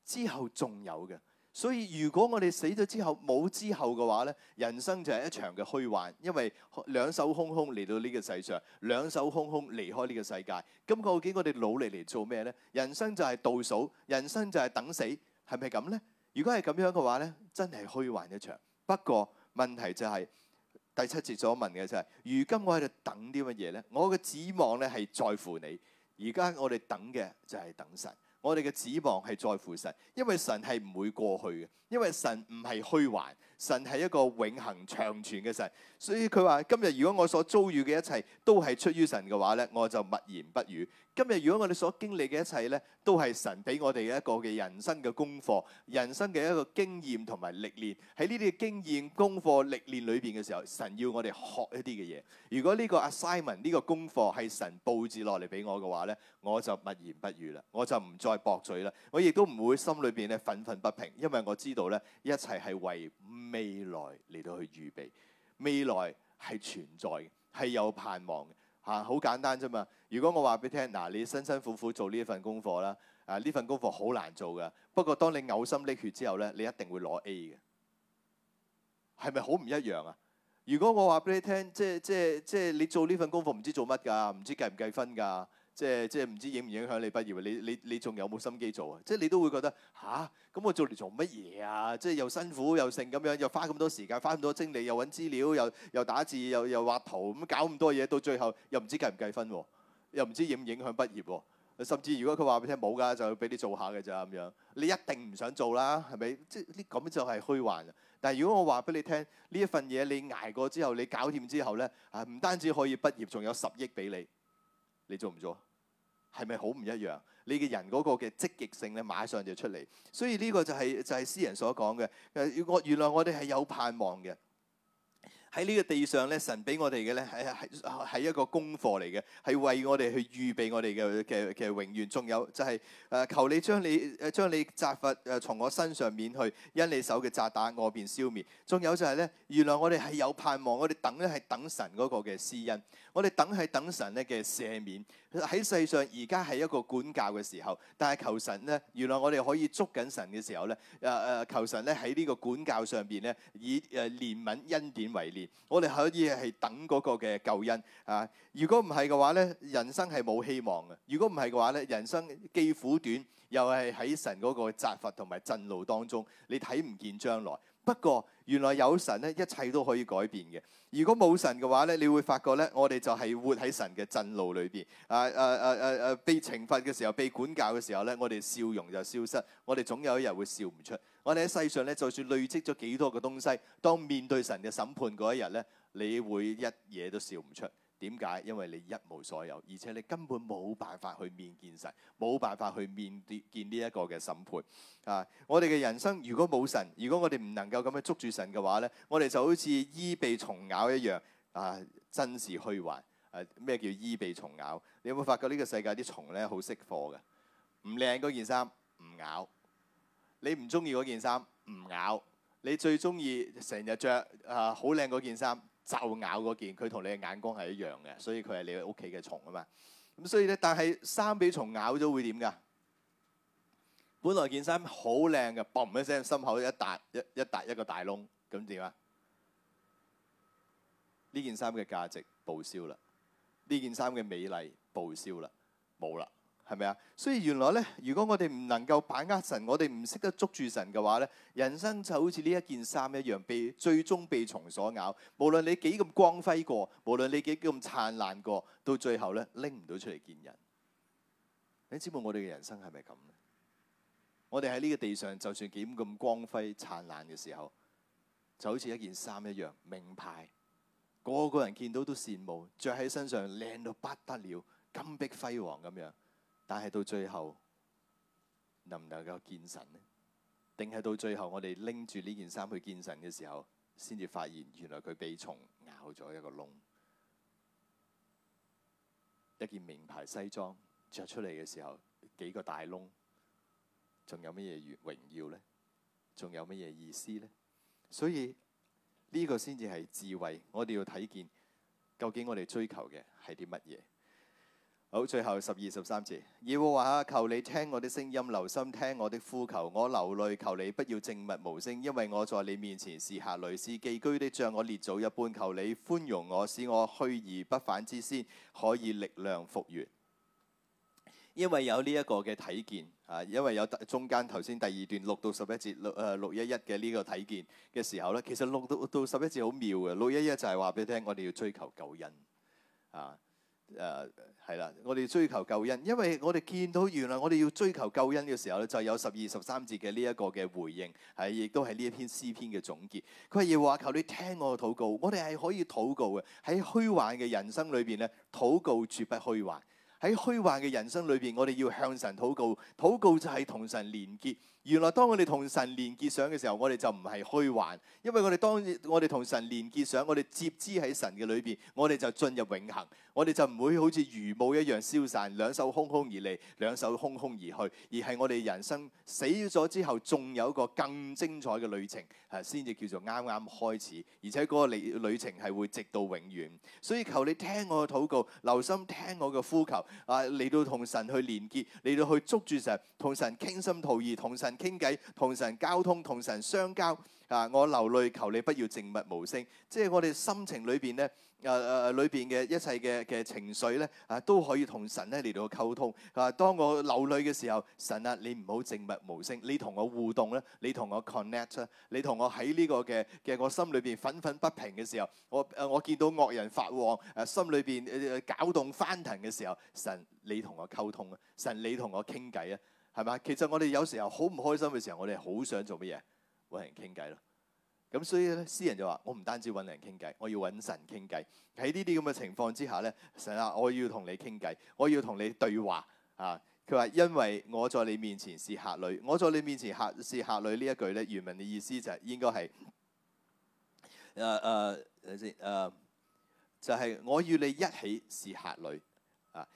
之後仲有嘅。所以如果我哋死咗之後冇之後嘅話咧，人生就係一場嘅虛幻，因為兩手空空嚟到呢個世上，兩手空空離開呢個世界。咁究竟我哋努力嚟做咩咧？人生就係倒數，人生就係等死，係咪咁咧？如果係咁樣嘅話咧，真係虛幻一場。不過，問題就係、是、第七節所問嘅就係、是，如今我喺度等啲乜嘢咧？我嘅指望咧，係在乎你。而家我哋等嘅就係等神，我哋嘅指望係在乎神，因為神係唔會過去嘅，因為神唔係虛幻。神係一個永恆長存嘅神，所以佢話：今日如果我所遭遇嘅一切都係出於神嘅話咧，我就默言不語。今日如果我哋所經歷嘅一切咧，都係神俾我哋一個嘅人生嘅功課、人生嘅一個經驗同埋歷練。喺呢啲經驗、功課、歷練裏邊嘅時候，神要我哋學一啲嘅嘢。如果呢個 assignment 呢、呢個功課係神佈置落嚟俾我嘅話咧，我就默言不語啦，我就唔再駁嘴啦，我亦都唔會心裏邊咧憤憤不平，因為我知道咧，一切係為唔。未來嚟到去預備，未來係存在嘅，係有盼望嘅嚇。好、啊、簡單啫嘛。如果我話俾你聽，嗱、啊，你辛辛苦苦做呢一份功課啦，啊，呢份功課好難做㗎。不過當你嘔心瀝血之後咧，你一定會攞 A 嘅。係咪好唔一樣啊？如果我話俾你聽，即係即係即係你做呢份功課，唔知做乜㗎，唔知計唔計分㗎？即係即係唔知影唔影響你畢業，你你你仲有冇心機做啊？即係你都會覺得吓，咁我做嚟做乜嘢啊？即係又辛苦又剩咁樣，又花咁多時間，花咁多精力，又揾資料，又又打字，又又畫圖，咁搞咁多嘢，到最後又唔知計唔計分，又唔知影唔影響畢業。甚至如果佢話俾你聽冇㗎，就俾你做下嘅咋咁樣，你一定唔想做啦，係咪？即係呢咁就係虛幻。但係如果我話俾你聽，呢一份嘢你捱過之後，你搞掂之後呢，唔單止可以畢業，仲有十億俾你，你做唔做？係咪好唔一樣？你嘅人嗰個嘅積極性咧，馬上就出嚟。所以呢個就係就係詩人所講嘅誒。我原來我哋係有盼望嘅。喺呢個地上咧，神俾我哋嘅咧，係係係一個功課嚟嘅，係為我哋去預備我哋嘅嘅嘅永遠。仲有就係、是、誒、呃，求你將你誒將你責罰誒從我身上免去，因你手嘅責打我便消滅。仲有就係、是、咧，原來我哋係有盼望，我哋等咧係等神個嘅施恩，我哋等係等神咧嘅赦免。喺世上而家係一個管教嘅時候，但係求神咧，原來我哋可以捉緊神嘅時候咧，誒、呃、誒、呃，求神咧喺呢個管教上邊咧，以誒憐憫恩典為臉。我哋可以係等嗰個嘅救恩啊！如果唔係嘅話咧，人生係冇希望嘅；如果唔係嘅話咧，人生既苦短，又係喺神嗰個責罰同埋震怒當中，你睇唔見將來。不過原來有神咧，一切都可以改變嘅。如果冇神嘅話咧，你會發覺咧，我哋就係活喺神嘅震怒裏邊啊！誒誒誒誒，被懲罰嘅時候，被管教嘅時候咧，我哋笑容就消失，我哋總有一日會笑唔出。我哋喺世上咧，就算累積咗幾多嘅東西，當面對神嘅審判嗰一日咧，你會一嘢都笑唔出。點解？因為你一無所有，而且你根本冇辦法去面見神，冇辦法去面見呢一個嘅審判。啊！我哋嘅人生如果冇神，如果我哋唔能夠咁樣捉住神嘅話咧，我哋就好似衣被蟲咬一樣。啊！真是虛幻。誒、啊、咩叫衣被蟲咬？你有冇發覺呢個世界啲蟲咧好識貨嘅？唔靚嗰件衫唔咬。你唔中意嗰件衫，唔咬；你最中意成日着啊好靚嗰件衫，就咬嗰件。佢同你嘅眼光係一樣嘅，所以佢係你屋企嘅蟲啊嘛。咁所以咧，但係衫俾蟲咬咗會點㗎？本來件衫好靚嘅，嘣一聲，心口一笪一一笪一個大窿，咁點啊？呢件衫嘅價值報銷啦，呢件衫嘅美麗報銷啦，冇啦。係咪啊？所以原來咧，如果我哋唔能夠把握神，我哋唔識得捉住神嘅話咧，人生就好似呢一件衫一樣，被最終被蟲所咬。無論你幾咁光輝過，無論你幾咁燦爛過，到最後咧，拎唔到出嚟見人。你知唔知我哋嘅人生係咪咁？我哋喺呢個地上，就算點咁光輝燦爛嘅時候，就好似一件衫一樣，名牌，個個人見到都羨慕，着喺身上靚到不得了，金碧輝煌咁樣。但係到最後能唔能夠見神呢？定係到最後我哋拎住呢件衫去見神嘅時候，先至發現原來佢被蟲咬咗一個窿。一件名牌西裝着出嚟嘅時候，幾個大窿，仲有乜嘢榮耀呢？仲有乜嘢意思呢？所以呢個先至係智慧，我哋要睇見究竟我哋追求嘅係啲乜嘢。好，最後十二十三節，耶和華啊，求你聽我的聲音，留心聽我的呼求。我流淚，求你不要靜默無聲，因為我在你面前是客旅，是寄居的，像我列祖一般。求你寬容我，使我去而不返之先可以力量復原。因為有呢一個嘅體見啊，因為有中間頭先第二段六到十一節六誒六一一嘅呢個體見嘅時候咧，其實六到到十一節好妙嘅，六一一就係話俾你聽，我哋要追求救恩啊。誒，係啦，uh，我哋追求救恩，因為我哋見到原來我哋要追求救恩嘅時候咧，就有十二十三節嘅呢一個嘅回應，係亦都係呢一篇詩篇嘅總結。佢話耶和華求你聽我嘅禱告，我哋係可以禱告嘅。喺虛幻嘅人生裏邊咧，禱告絕不虛幻。喺虛幻嘅人生裏邊，我哋要向神禱告，禱告就係同神連結。原來當我哋同神連結上嘅時候，我哋就唔係虛幻，因為我哋當我哋同神連結上，我哋接枝喺神嘅裏邊，我哋就進入永恒，我哋就唔會好似如霧一樣消散，兩手空空而嚟，兩手空空而去，而係我哋人生死咗之後，仲有一個更精彩嘅旅程，係先至叫做啱啱開始，而且嗰個旅程係會直到永遠。所以求你聽我嘅禱告，留心聽我嘅呼求，啊嚟到同神去連結，嚟到去捉住神，同神傾心吐意，同神。傾偈，同神交通，同神相交啊！我流淚，求你不要靜默無聲。即係我哋心情裏邊咧，誒誒誒，裏邊嘅一切嘅嘅情緒咧，啊都可以同神咧嚟到溝通。啊，當我流淚嘅時候，神啊，你唔好靜默無聲，你同我互動咧，你同我 connect 咧，你同我喺呢個嘅嘅我心裏邊憤憤不平嘅時候，我誒我見到惡人發旺，誒心裏邊誒誒搞動翻騰嘅時候，神你同我溝通啊！神你同我傾偈啊！係嘛？其實我哋有時候好唔開心嘅時候，我哋好想做乜嘢？揾人傾偈咯。咁所以咧，詩人就話：我唔單止揾人傾偈，我要揾神傾偈。喺呢啲咁嘅情況之下咧，神啊，我要同你傾偈，我要同你對話啊！佢話：因為我在你面前是客旅，我在你面前客是客旅呢一句咧，原文嘅意思就係、是、應該係誒誒等先誒，就係、是、我與你一起是客旅。」啊。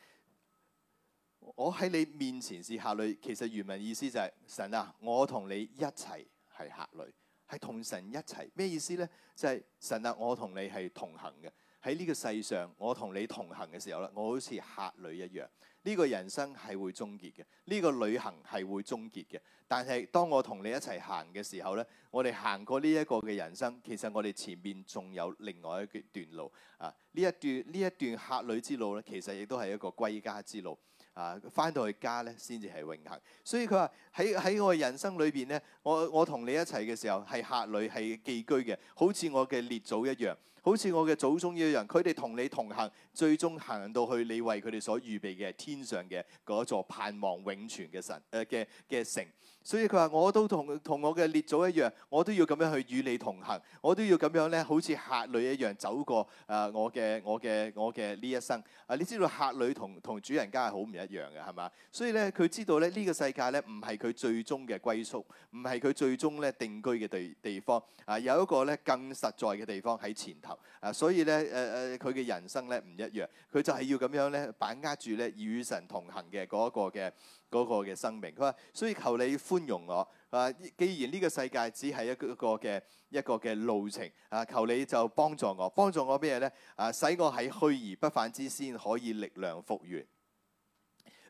我喺你面前是客旅，其實原文意思就係、是、神啊，我同你一齊係客旅，係同神一齊咩意思呢？就係、是、神啊，我同你係同行嘅喺呢個世上，我同你同行嘅時候咧，我好似客旅一樣。呢、這個人生係會終結嘅，呢、這個旅行係會終結嘅。但係當我同你一齊行嘅時候呢，我哋行過呢一個嘅人生，其實我哋前面仲有另外一段路啊。呢一段呢一段客旅之路咧，其實亦都係一個歸家之路。啊！翻到去家咧，先至係永恆。所以佢話喺喺我人生裏邊咧，我我同你一齊嘅時候係客旅係寄居嘅，好似我嘅列祖一樣，好似我嘅祖宗一樣，佢哋同你同行，最終行到去你為佢哋所預備嘅天上嘅嗰座盼望永存嘅神誒嘅嘅城。所以佢話：我都同同我嘅列祖一樣，我都要咁樣去與你同行。我都要咁樣咧，好似客旅一樣走過誒、呃、我嘅我嘅我嘅呢一生。啊，你知道客旅同同主人家係好唔一樣嘅，係嘛？所以咧，佢知道咧呢、這個世界咧唔係佢最終嘅歸宿，唔係佢最終咧定居嘅地地方。啊，有一個咧更實在嘅地方喺前頭。啊，所以咧誒誒，佢、呃、嘅人生咧唔一樣。佢就係要咁樣咧把握住咧與神同行嘅嗰一個嘅。嗰個嘅生命，佢話：，所以求你寬容我。啊，既然呢個世界只係一個嘅一個嘅路程，啊，求你就幫助我，幫助我咩咧？啊，使我喺去而不返之先可以力量復原。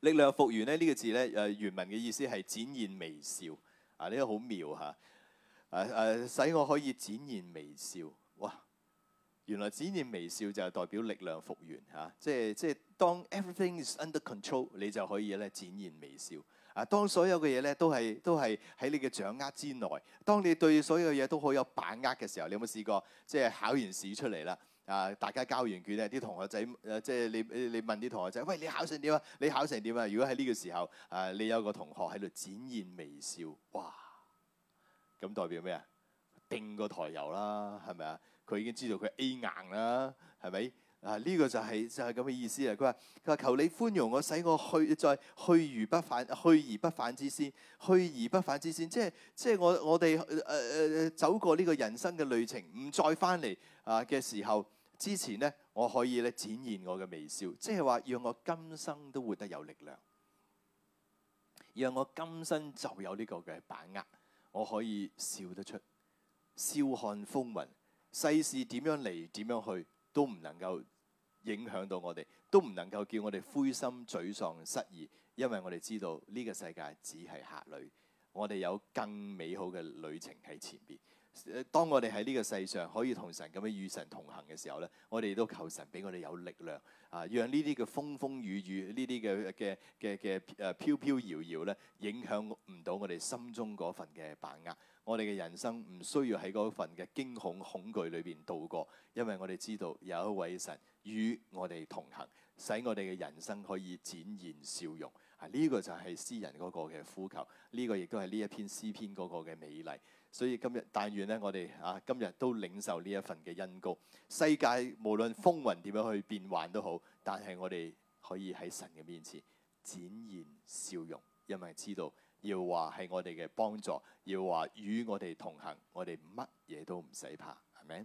力量復原咧，呢、這個字呢誒、呃、原文嘅意思係展現微笑。啊，呢、這個好妙嚇。誒、啊、誒，使我可以展現微笑。哇，原來展現微笑就係代表力量復原嚇、啊。即係即係。當 everything is under control，你就可以咧展現微笑。啊，當所有嘅嘢咧都係都係喺你嘅掌握之內。當你對所有嘢都好有把握嘅時候，你有冇試過即係考完試出嚟啦？啊，大家交完卷咧，啲同學仔、啊、即係你你你問啲同學仔，喂，你考成點啊？你考成點啊？如果喺呢個時候誒、啊，你有個同學喺度展現微笑，哇！咁代表咩啊？定個台油啦，係咪啊？佢已經知道佢 A 硬啦，係咪？啊！呢個就係就係咁嘅意思啊！佢話佢話求你寬容我，使我去再去而不返，去而不返之先，去而不返之先，即係即係我我哋誒誒走過呢個人生嘅旅程，唔再翻嚟啊嘅時候之前呢，我可以咧展現我嘅微笑，即係話讓我今生都活得有力量，讓我今生就有呢個嘅把握，我可以笑得出，笑看風雲，世事點樣嚟點樣去都唔能夠影響到我哋，都唔能夠叫我哋灰心沮喪失意，因為我哋知道呢個世界只係客旅，我哋有更美好嘅旅程喺前面。當我哋喺呢個世上可以同神咁樣與神同行嘅時候呢，我哋都求神俾我哋有力量啊！讓呢啲嘅風風雨雨、呢啲嘅嘅嘅嘅誒飄飄搖搖咧，影響唔到我哋心中嗰份嘅把握。我哋嘅人生唔需要喺嗰份嘅驚恐恐懼裏邊度過，因為我哋知道有一位神與我哋同行，使我哋嘅人生可以展現笑容。啊！呢個就係詩人嗰個嘅呼求，呢個亦都係呢一篇詩篇嗰個嘅美麗。所以今日，但願咧，我哋啊，今日都領受呢一份嘅恩膏。世界無論風雲點樣去變幻都好，但係我哋可以喺神嘅面前展現笑容，因為知道耶和華係我哋嘅幫助，耶和華與我哋同行，我哋乜嘢都唔使怕，係咪？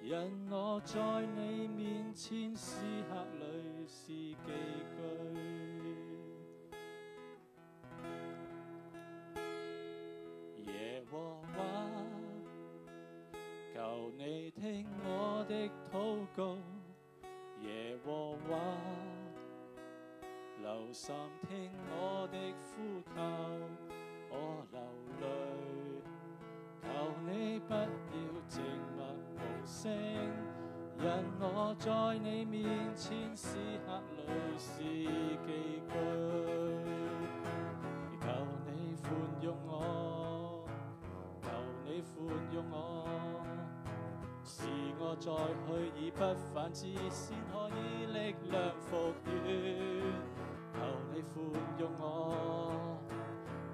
因我在你面前是客旅，是寄居。耶和華，求你聽我的禱告，耶和華留心聽我的呼求，我流淚求你不要靜。聖人，我在你面前是客旅，是寄居。求你寬容我，求你寬容我。使我再去以不返之先，可以力量復原。求你寬容我，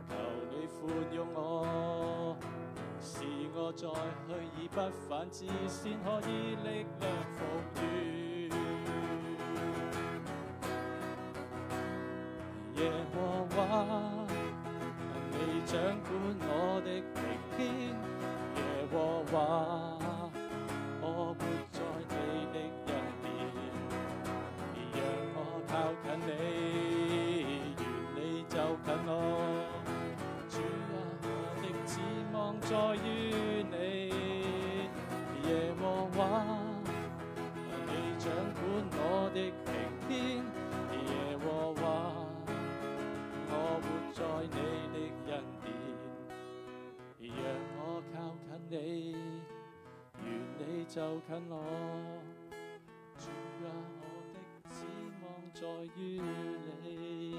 求你寬容我。使我在去而不返之先，可以力量復原。就近我，主啊，我的指望在於你。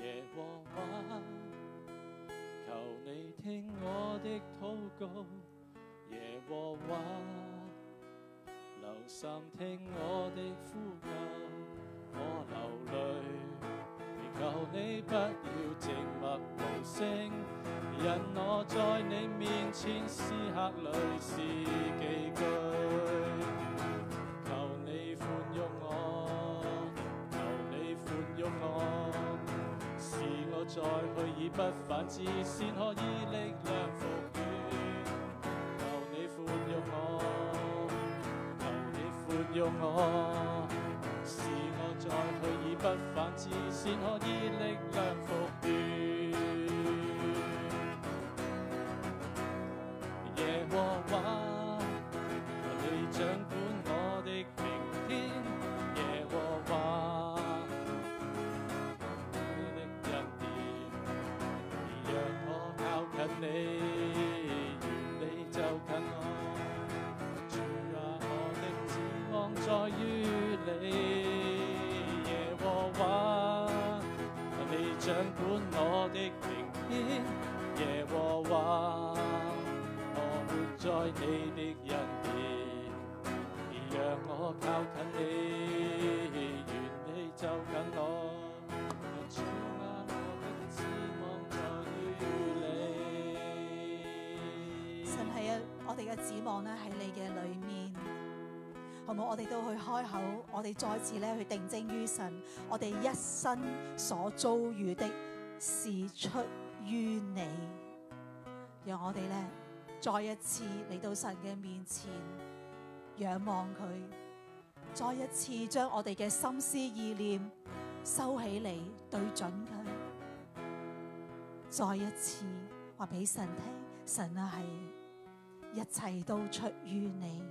耶和華，求你聽我的禱告。耶和華，留心聽我的呼救。我流淚，你求你不要靜默無聲。在你面前是客旅是寄居。求你寬容我，求你寬容我，使我再去以不返之，先可以力量復原。求你寬容我，求你寬容我，使我再去以不返之，先可以力量。你越離就近我，主啊，我的指望在於你。耶和華，你掌管我的明天。耶和華，我活在你的。你嘅指望咧喺你嘅裏面，好唔好？我哋都去開口，我哋再次咧去定睛於神，我哋一生所遭遇的是出於你，讓我哋咧再一次嚟到神嘅面前仰望佢，再一次將我哋嘅心思意念收起嚟對準佢，再一次話俾神聽，神啊係。一切都出於你，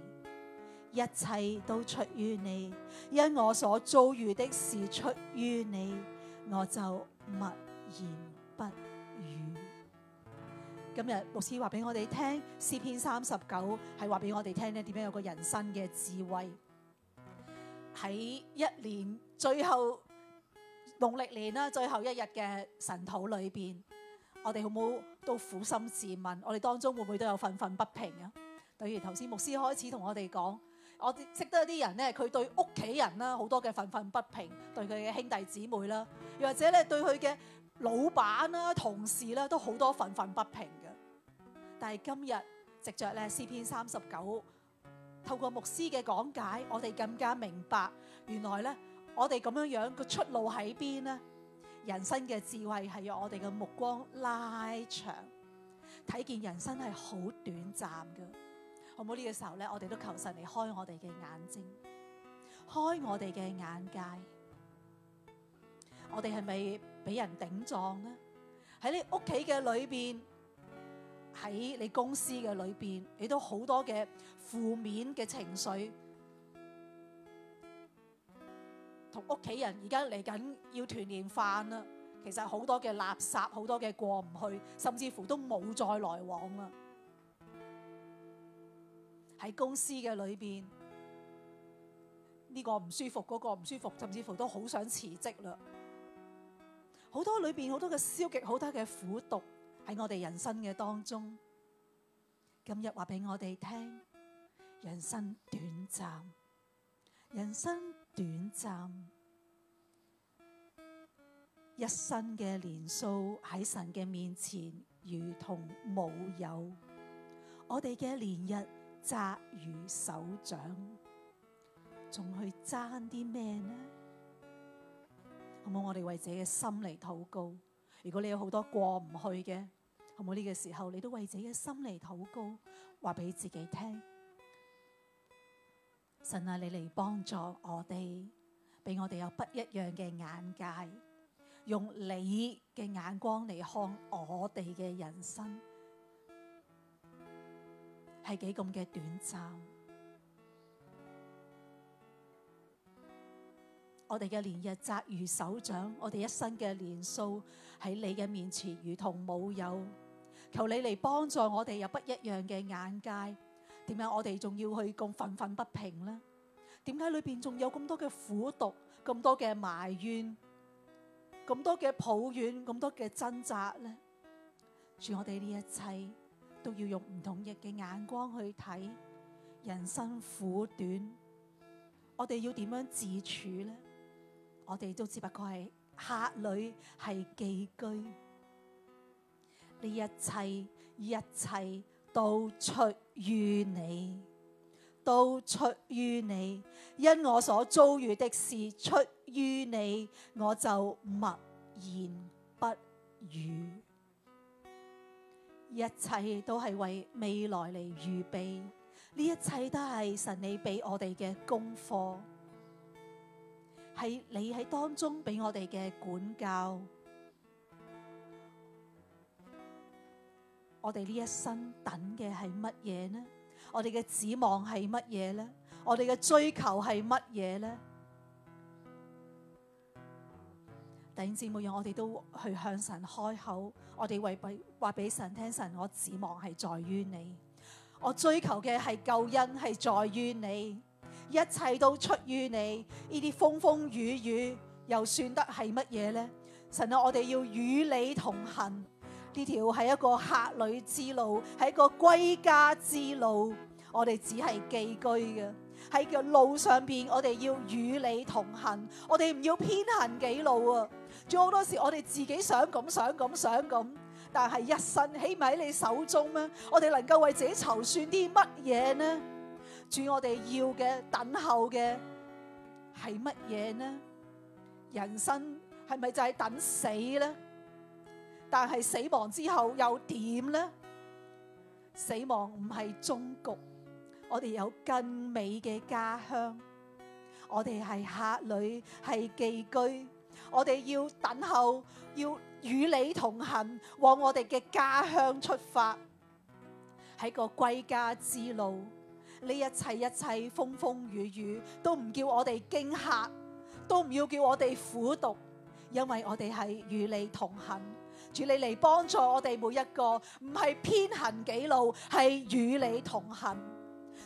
一切都出於你，因我所遭遇的事出於你，我就默然不語。今日牧師話俾我哋聽，詩篇三十九係話俾我哋聽咧，點樣有個人生嘅智慧？喺一年最後，農曆年，最後一日嘅神土裏邊。我哋好唔好都苦心自問，我哋當中會唔會都有憤憤不平啊？例如頭先牧師開始同我哋講，我識得一啲人咧，佢對屋企人啦，好多嘅憤憤不平；對佢嘅兄弟姊妹啦，又或者咧對佢嘅老闆啦、同事啦，都好多憤憤不平嘅。但係今日藉著咧詩篇三十九，透過牧師嘅講解，我哋更加明白，原來咧我哋咁樣樣個出路喺邊咧？人生嘅智慧係要我哋嘅目光拉長，睇見人生係好短暫㗎，好唔好？呢、呢個時候咧，我哋都求神嚟開我哋嘅眼睛，開我哋嘅眼界。我哋係咪俾人頂撞咧？喺你屋企嘅裏邊，喺你公司嘅裏邊，你都好多嘅負面嘅情緒。同屋企人而家嚟緊要團年飯啦，其實好多嘅垃圾，好多嘅過唔去，甚至乎都冇再來往啦。喺公司嘅裏邊，呢個唔舒服，嗰個唔舒服，甚至乎都好想辭職啦。好多裏邊好多嘅消極，好多嘅苦毒喺我哋人生嘅當中。今日話俾我哋聽，人生短暫，人生。短暫，一生嘅年數喺神嘅面前如同冇有，我哋嘅年日窄如手掌，仲去爭啲咩呢？好冇？我哋為自己嘅心嚟禱告。如果你有好多過唔去嘅，好冇？呢個時候，你都為自己嘅心嚟禱告，話俾自己聽。神啊，你嚟幫助我哋，俾我哋有不一樣嘅眼界，用你嘅眼光嚟看我哋嘅人生，係幾咁嘅短暫。我哋嘅年日窄如手掌，我哋一生嘅年數喺你嘅面前如同冇有。求你嚟幫助我哋有不一樣嘅眼界。點解我哋仲要去咁憤憤不平呢？點解裏邊仲有咁多嘅苦毒、咁多嘅埋怨、咁多嘅抱怨、咁多嘅掙扎呢？住我哋呢一切都要用唔同嘅嘅眼光去睇人生苦短，我哋要點樣自處呢？我哋都只不過係客旅，係寄居呢，一切一切都出。於你都出於你，因我所遭遇的事出於你，我就默然不語。一切都係為未來嚟預備，呢一切都係神你俾我哋嘅功課，係你喺當中俾我哋嘅管教。我哋呢一生等嘅係乜嘢呢？我哋嘅指望係乜嘢呢？我哋嘅追求係乜嘢呢？弟兄姊妹，我哋都去向神開口，我哋為俾話俾神聽，神我指望係在於你，我追求嘅係救恩係在於你，一切都出於你。呢啲風風雨雨又算得係乜嘢呢？神啊，我哋要與你同行。呢條係一個客旅之路，係一個歸家之路。我哋只係寄居嘅，喺個路上邊，我哋要與你同行。我哋唔要偏行己路啊！仲有好多時，我哋自己想咁想咁想咁，但係一生起碼喺你手中啊。我哋能夠為自己籌算啲乜嘢呢？主，我哋要嘅等候嘅係乜嘢呢？人生係咪就係等死呢？但係死亡之後又點呢？死亡唔係終局，我哋有更美嘅家鄉。我哋係客旅，係寄居，我哋要等候，要與你同行，往我哋嘅家鄉出發。喺個歸家之路，呢一切一切風風雨雨都唔叫我哋驚嚇，都唔要叫我哋苦毒，因為我哋係與你同行。主，你嚟幫助我哋每一個，唔係偏行己路，係與你同行。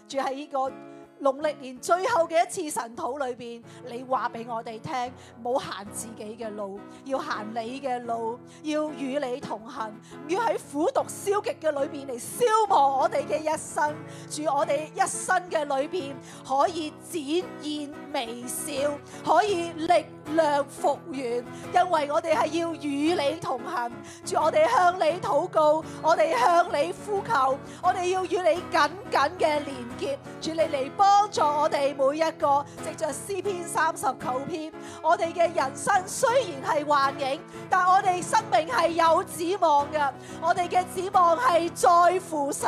主喺呢個。農曆年最後嘅一次神土裏邊，你話俾我哋聽，唔好行自己嘅路，要行你嘅路，要與你同行，唔要喺苦毒消極嘅裏邊嚟消磨我哋嘅一生，住我哋一生嘅裏邊可以展現微笑，可以力量復原，因為我哋係要與你同行，住我哋向你禱告，我哋向你呼求，我哋要與你緊緊嘅連結，住你嚟幫。幫助我哋每一個，藉着詩篇三十九篇，我哋嘅人生雖然係幻影，但我哋生命係有指望嘅。我哋嘅指望係在乎神，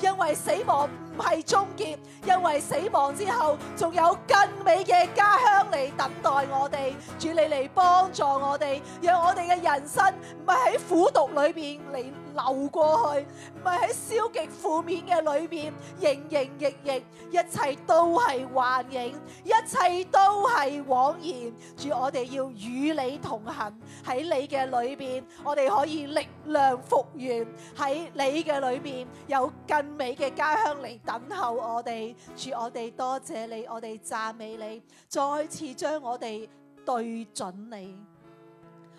因為死亡。唔係終結，因為死亡之後仲有更美嘅家鄉嚟等待我哋。主你嚟幫助我哋，讓我哋嘅人生唔係喺苦毒裏邊嚟流過去，唔係喺消極負面嘅裏邊，營營役役，一切都係幻影，一切都係枉然。主我哋要與你同行喺你嘅裏邊，我哋可以力量復原喺你嘅裏邊，有更美嘅家鄉嚟，等候我哋，主我哋多謝你，我哋讚美你，再次將我哋對準你。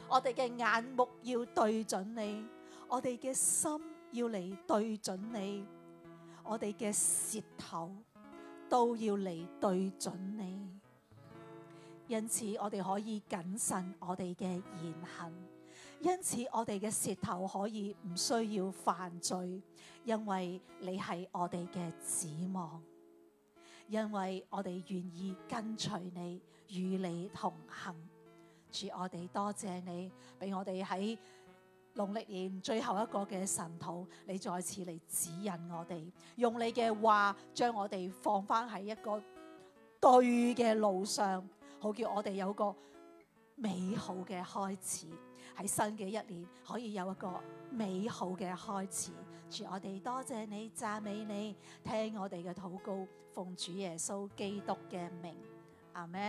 我哋嘅眼目要對準你，我哋嘅心要嚟對準你，我哋嘅舌頭都要嚟對準你。因此我哋可以謹慎我哋嘅言行，因此我哋嘅舌頭可以唔需要犯罪。因為你係我哋嘅指望，因為我哋願意跟隨你，與你同行。主，我哋多謝你，俾我哋喺農曆年最後一個嘅神徒，你再次嚟指引我哋，用你嘅話將我哋放翻喺一個對嘅路上，好叫我哋有個美好嘅開始，喺新嘅一年可以有一個美好嘅開始。主我，我哋多謝你，讚美你，聽我哋嘅禱告，奉主耶穌基督嘅名，阿門。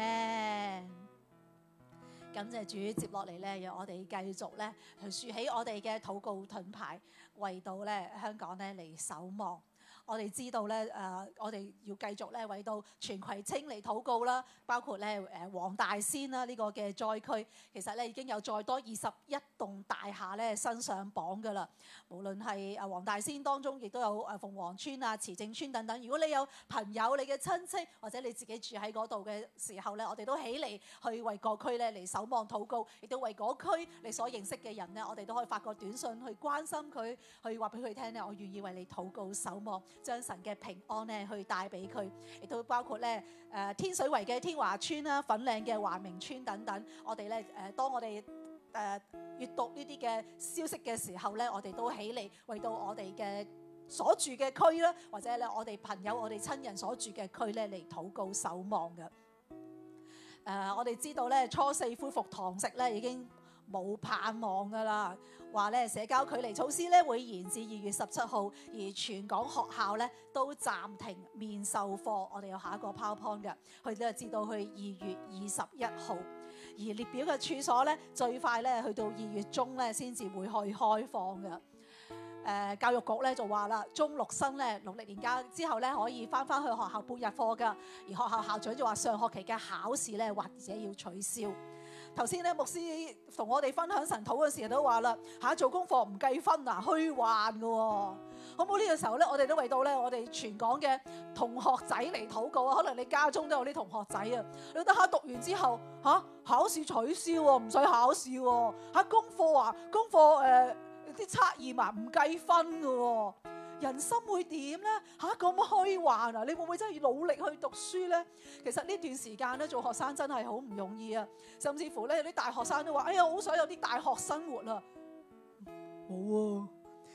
感謝主，接落嚟咧，讓我哋繼續咧，豎起我哋嘅禱告盾牌，為到咧香港咧嚟守望。我哋知道咧，誒、呃，我哋要繼續咧，為到全葵青嚟禱告啦，包括咧，誒，黃大仙啦呢個嘅災區，其實咧已經有再多二十一。棟大廈咧新上榜㗎啦，無論係啊黃大仙當中，亦都有啊鳳凰村啊、慈正村等等。如果你有朋友、你嘅親戚或者你自己住喺嗰度嘅時候咧，我哋都起嚟去為各區咧嚟守望禱告，亦都為各區你所認識嘅人呢，我哋都可以發個短信去關心佢，去話俾佢聽咧，我願意為你禱告守望，將神嘅平安咧去帶俾佢。亦都包括咧誒、呃、天水圍嘅天華村啦、粉嶺嘅華明村等等，我哋咧誒當我哋。誒、呃，閱讀呢啲嘅消息嘅時候呢，我哋都起嚟為到我哋嘅所住嘅區啦，或者咧我哋朋友、我哋親人所住嘅區呢，嚟禱告守望嘅。誒、呃，我哋知道呢，初四恢復堂食呢已經冇盼望噶啦，話呢，社交距離措施呢會延至二月十七號，而全港學校呢都暫停面授課，我哋有下一個 PowerPoint 嘅，佢咧直到去二月二十一號。而列表嘅處所咧，最快咧去到二月中咧，先至會去開放㗎。誒、呃，教育局咧就話啦，中六生咧，農曆年假之後咧，可以翻返去學校半日課噶。而學校校長就話，上學期嘅考試咧，或者要取消。頭先咧，牧師同我哋分享神土嗰時候都話啦，嚇做功課唔計分啊，虛幻㗎喎、哦。咁呢個時候咧，我哋都為到咧，我哋全港嘅同學仔嚟禱告啊！可能你家中都有啲同學仔啊，你等下讀完之後嚇、啊、考試取消喎，唔使考試喎嚇功課啊，功課誒啲測驗啊，唔計分嘅喎，人心會點咧吓，咁虛幻啊，你會唔會真係要努力去讀書咧？其實呢段時間咧，做學生真係好唔容易啊！甚至乎咧，有啲大學生都話：哎呀，好想有啲大學生活啊！冇啊，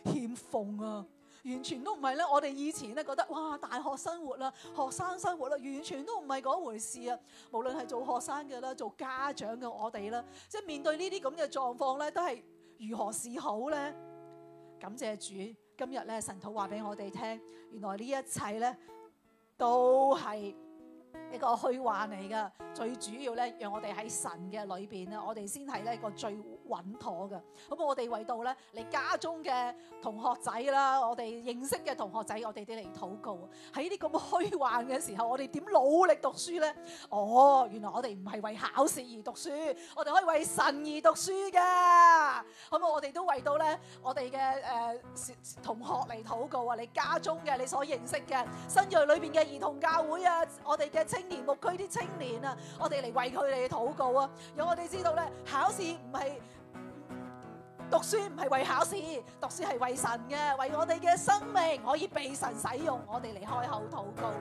欠奉啊！完全都唔係咧，我哋以前咧覺得哇，大學生活啦，學生生活啦，完全都唔係嗰回事啊！無論係做學生嘅啦，做家長嘅我哋啦，即係面對呢啲咁嘅狀況咧，都係如何是好咧？感謝主，今日咧神徒話俾我哋聽，原來呢一切咧都係一個虛幻嚟㗎。最主要咧，讓我哋喺神嘅裏邊咧，我哋先係咧個最。穩妥嘅，咁我哋為到咧你家中嘅同學仔啦，我哋認識嘅同學仔，我哋哋嚟禱告，喺呢啲咁嘅虛幻嘅時候，我哋點努力讀書咧？哦，原來我哋唔係為考試而讀書，我哋可以為神而讀書嘅。咁我哋都為到咧我哋嘅誒同學嚟禱告啊！你家中嘅你所認識嘅新約裏邊嘅兒童教會啊，我哋嘅青年牧區啲青年啊，我哋嚟為佢哋禱告啊，讓我哋知道咧考試唔係。讀書唔係為考試，讀書係為神嘅，為我哋嘅生命可以被神使用，我哋嚟開口禱告。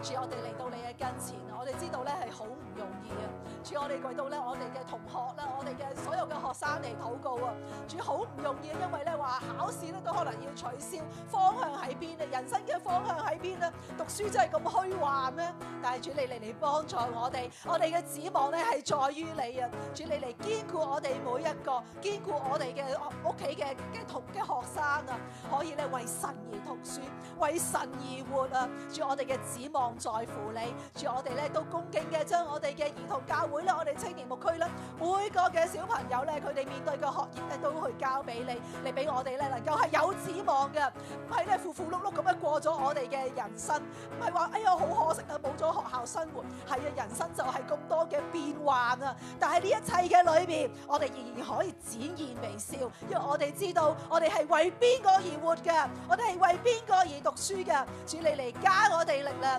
主我哋嚟到你嘅跟前，我哋知道咧係好唔容易啊！主我哋跪到咧，我哋嘅同學啦，我哋嘅所有嘅學生嚟禱告啊！主好唔容易啊，因為咧話考試咧都可能要取消，方向喺邊啊？人生嘅方向喺邊啊？讀書真係咁虛幻咩？但係主你嚟嚟幫助我哋，我哋嘅指望咧係在於你啊！主你嚟堅固我哋每一個，堅固我哋嘅屋屋企嘅同嘅學生啊，可以咧為神而讀書，為神而活啊！主我哋嘅指望。在乎你，主我哋咧都恭敬嘅，將我哋嘅兒童教會咧，我哋青年牧區咧，每個嘅小朋友咧，佢哋面對嘅學業咧，都去交俾你，嚟俾我哋咧能夠係有指望嘅，唔係咧糊糊碌碌咁樣過咗我哋嘅人生，唔係話哎呀，好可惜啊，冇咗學校生活，係啊，人生就係咁多嘅變幻啊，但係呢一切嘅裏邊，我哋仍然可以展現微笑，因為我哋知道我哋係為邊個而活嘅，我哋係為邊個而讀書嘅，主你嚟加我哋力量。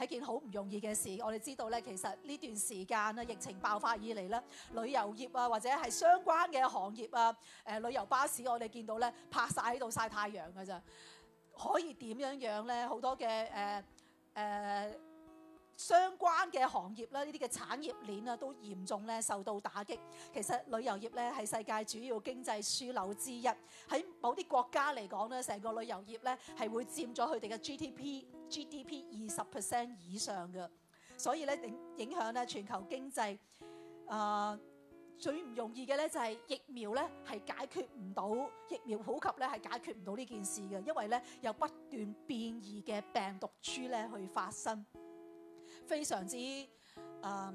係件好唔容易嘅事，我哋知道呢，其實呢段時間啊，疫情爆發以嚟咧，旅遊業啊，或者係相關嘅行業啊，誒、呃、旅遊巴士，我哋見到呢，拍晒喺度曬太陽嘅咋可以點樣樣呢？好多嘅誒誒相關嘅行業啦、啊，呢啲嘅產業鏈啊，都嚴重咧受到打擊。其實旅遊業呢，係世界主要經濟樞紐之一，喺某啲國家嚟講呢，成個旅遊業呢，係會佔咗佢哋嘅 GDP GDP 二十 percent 以上嘅，所以咧影影響咧全球經濟。啊、呃，最唔容易嘅咧就係疫苗咧係解決唔到，疫苗普及咧係解決唔到呢件事嘅，因為咧有不斷變異嘅病毒株咧去發生，非常之啊，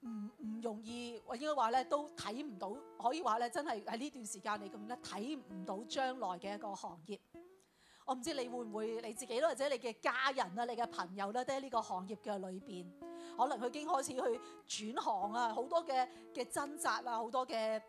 唔、呃、唔容易，應該話咧都睇唔到，可以話咧真係喺呢段時間你咁咧睇唔到將來嘅一個行業。我唔知你會唔會你自己啦，或者你嘅家人啦、你嘅朋友咧，都喺呢個行業嘅裏邊，可能佢已經開始去轉行啊，好多嘅嘅掙扎啊，好多嘅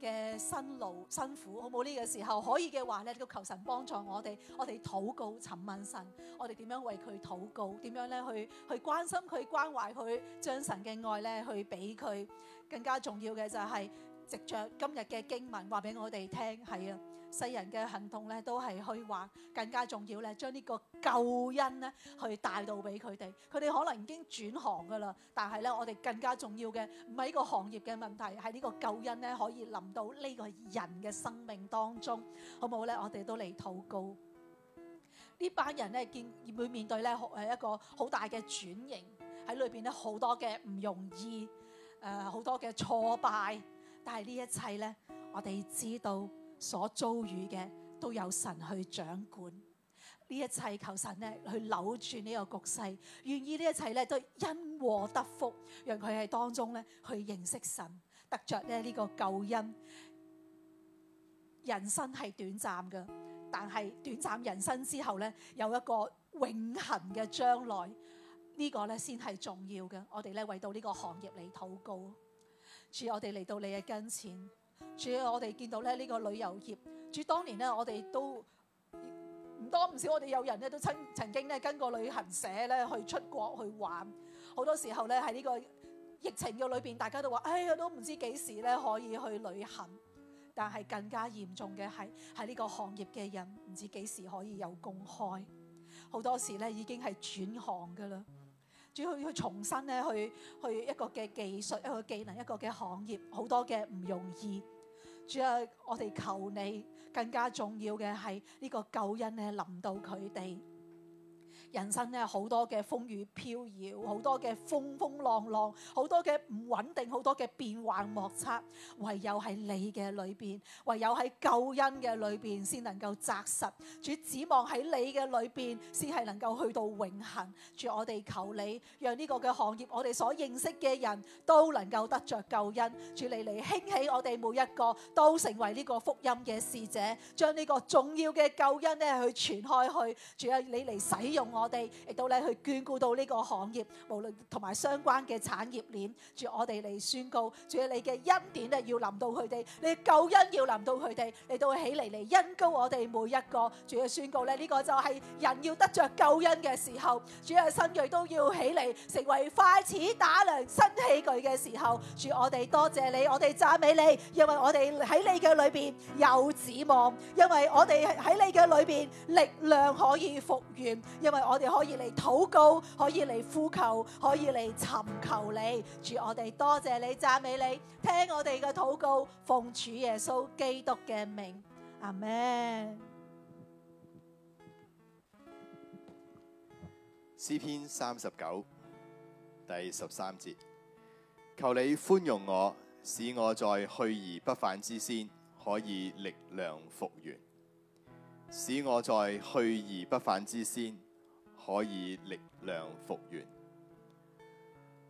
嘅辛勞辛苦，好冇呢個時候，可以嘅話咧，都求神幫助我哋，我哋禱告、尋問神，我哋點樣為佢禱告，點樣咧去去關心佢、關懷佢，將神嘅愛咧去俾佢。更加重要嘅就係藉着今日嘅經文話俾我哋聽，係啊。世人嘅行動咧，都係虛幻，更加重要咧，將呢個救恩咧去帶到俾佢哋。佢哋可能已經轉行噶啦，但係咧，我哋更加重要嘅唔係呢個行業嘅問題，係呢個救恩咧可以臨到呢個人嘅生命當中，好唔好咧？我哋都嚟禱告。呢班人咧見會面對咧誒一個好大嘅轉型喺裏邊咧，好多嘅唔容易誒，好、呃、好多嘅挫敗，但係呢一切咧，我哋知道。所遭遇嘅都有神去掌管，呢一切求神咧去扭轉呢個局勢，願意呢一切咧都因禍得福，讓佢喺當中咧去認識神，得着咧呢、這個救恩。人生係短暫嘅，但係短暫人生之後咧有一個永恆嘅將來，這個、呢個咧先係重要嘅。我哋咧為到呢個行業嚟禱告，主我哋嚟到你嘅跟前。主要我哋見到咧呢個旅遊業，主當年咧我哋都唔多唔少，我哋有人咧都曾曾經咧跟過旅行社咧去出國去玩，好多時候咧喺呢個疫情嘅裏邊，大家都話：哎呀，我都唔知幾時咧可以去旅行。但係更加嚴重嘅係喺呢個行業嘅人唔知幾時可以有工開，好多時咧已經係轉行㗎啦。主要去重新咧，去去一個嘅技術，一個技能，一個嘅行業，好多嘅唔容易。主要我哋求你，更加重要嘅係呢個救恩咧臨到佢哋。人生咧好多嘅風雨飄搖，好多嘅風風浪浪，好多嘅唔穩定，好多嘅變幻莫測。唯有喺你嘅裏邊，唯有喺救恩嘅裏邊，先能夠紮實。主指望喺你嘅裏邊，先係能夠去到永恒。主我哋求你，讓呢個嘅行業，我哋所認識嘅人都能夠得着救恩。主你嚟興起我哋每一個，都成為呢個福音嘅使者，將呢個重要嘅救恩咧去傳開去。主啊，你嚟使用我。我哋亦都咧去眷顧到呢個行業，無論同埋相關嘅產業鏈，主我哋嚟宣告，主你嘅恩典咧要臨到佢哋，你救恩要臨到佢哋，你都會起嚟嚟恩膏我哋每一個，主要宣告咧呢個就係人要得着救恩嘅時候，主要係新銳都要起嚟成為快似打量新器具嘅時候，主我哋多謝你，我哋讚美你，因為我哋喺你嘅裏邊有指望，因為我哋喺你嘅裏邊力量可以復原，因為，我哋可以嚟禱告，可以嚟呼求，可以嚟尋求你。主，我哋多謝,謝你，讚美你。聽我哋嘅禱告，奉主耶穌基督嘅名，阿門。詩篇三十九第十三節：求你寬容我，使我在去而不返之先，可以力量復原；使我在去而不返之先。可以力量復原，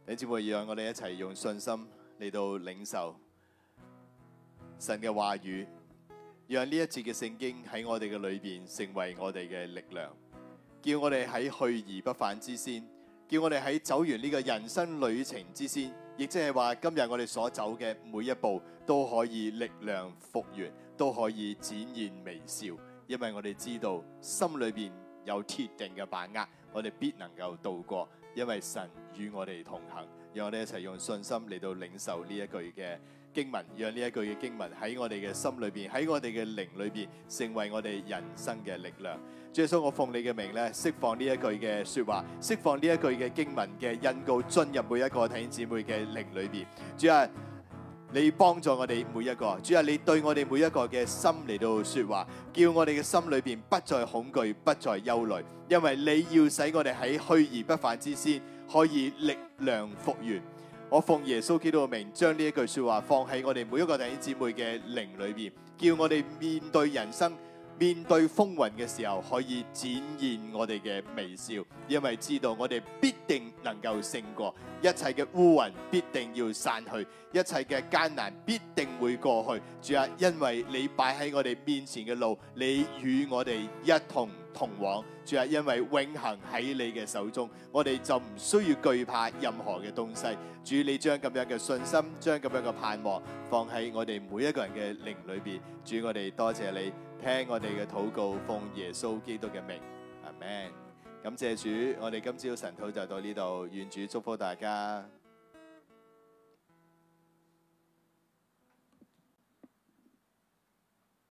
弟兄姊妹，讓我哋一齊用信心嚟到領受神嘅話語，讓呢一次嘅聖經喺我哋嘅裏邊成為我哋嘅力量，叫我哋喺去而不返之先，叫我哋喺走完呢個人生旅程之先，亦即係話今日我哋所走嘅每一步都可以力量復原，都可以展現微笑，因為我哋知道心裏邊。有鐵定嘅把握，我哋必能夠度過，因為神與我哋同行。讓我哋一齊用信心嚟到領受呢一句嘅經文，讓呢一句嘅經文喺我哋嘅心裏邊，喺我哋嘅靈裏邊，成為我哋人生嘅力量。主耶穌，我奉你嘅名咧，釋放呢一句嘅説話，釋放呢一句嘅經文嘅印告進入每一個弟兄姊妹嘅靈裏邊。主啊！你幫助我哋每一個，主要你對我哋每一個嘅心嚟到説話，叫我哋嘅心裏邊不再恐懼，不再憂慮，因為你要使我哋喺虛而不返之先，可以力量復原。我奉耶穌基督嘅名，將呢一句説話放喺我哋每一個弟兄姊妹嘅靈裏邊，叫我哋面對人生。面對風雲嘅時候，可以展現我哋嘅微笑，因為知道我哋必定能夠勝過，一切嘅烏雲必定要散去，一切嘅艱難必定會過去。主啊，因為你擺喺我哋面前嘅路，你與我哋一同同往。主啊，因為永恆喺你嘅手中，我哋就唔需要懼怕任何嘅東西。主，你將咁樣嘅信心，將咁樣嘅盼望放喺我哋每一個人嘅靈裏邊。主，我哋多謝你。聽我哋嘅禱告，奉耶穌基督嘅名，阿門，感謝主，我哋今朝晨禱就到呢度，願主祝福大家。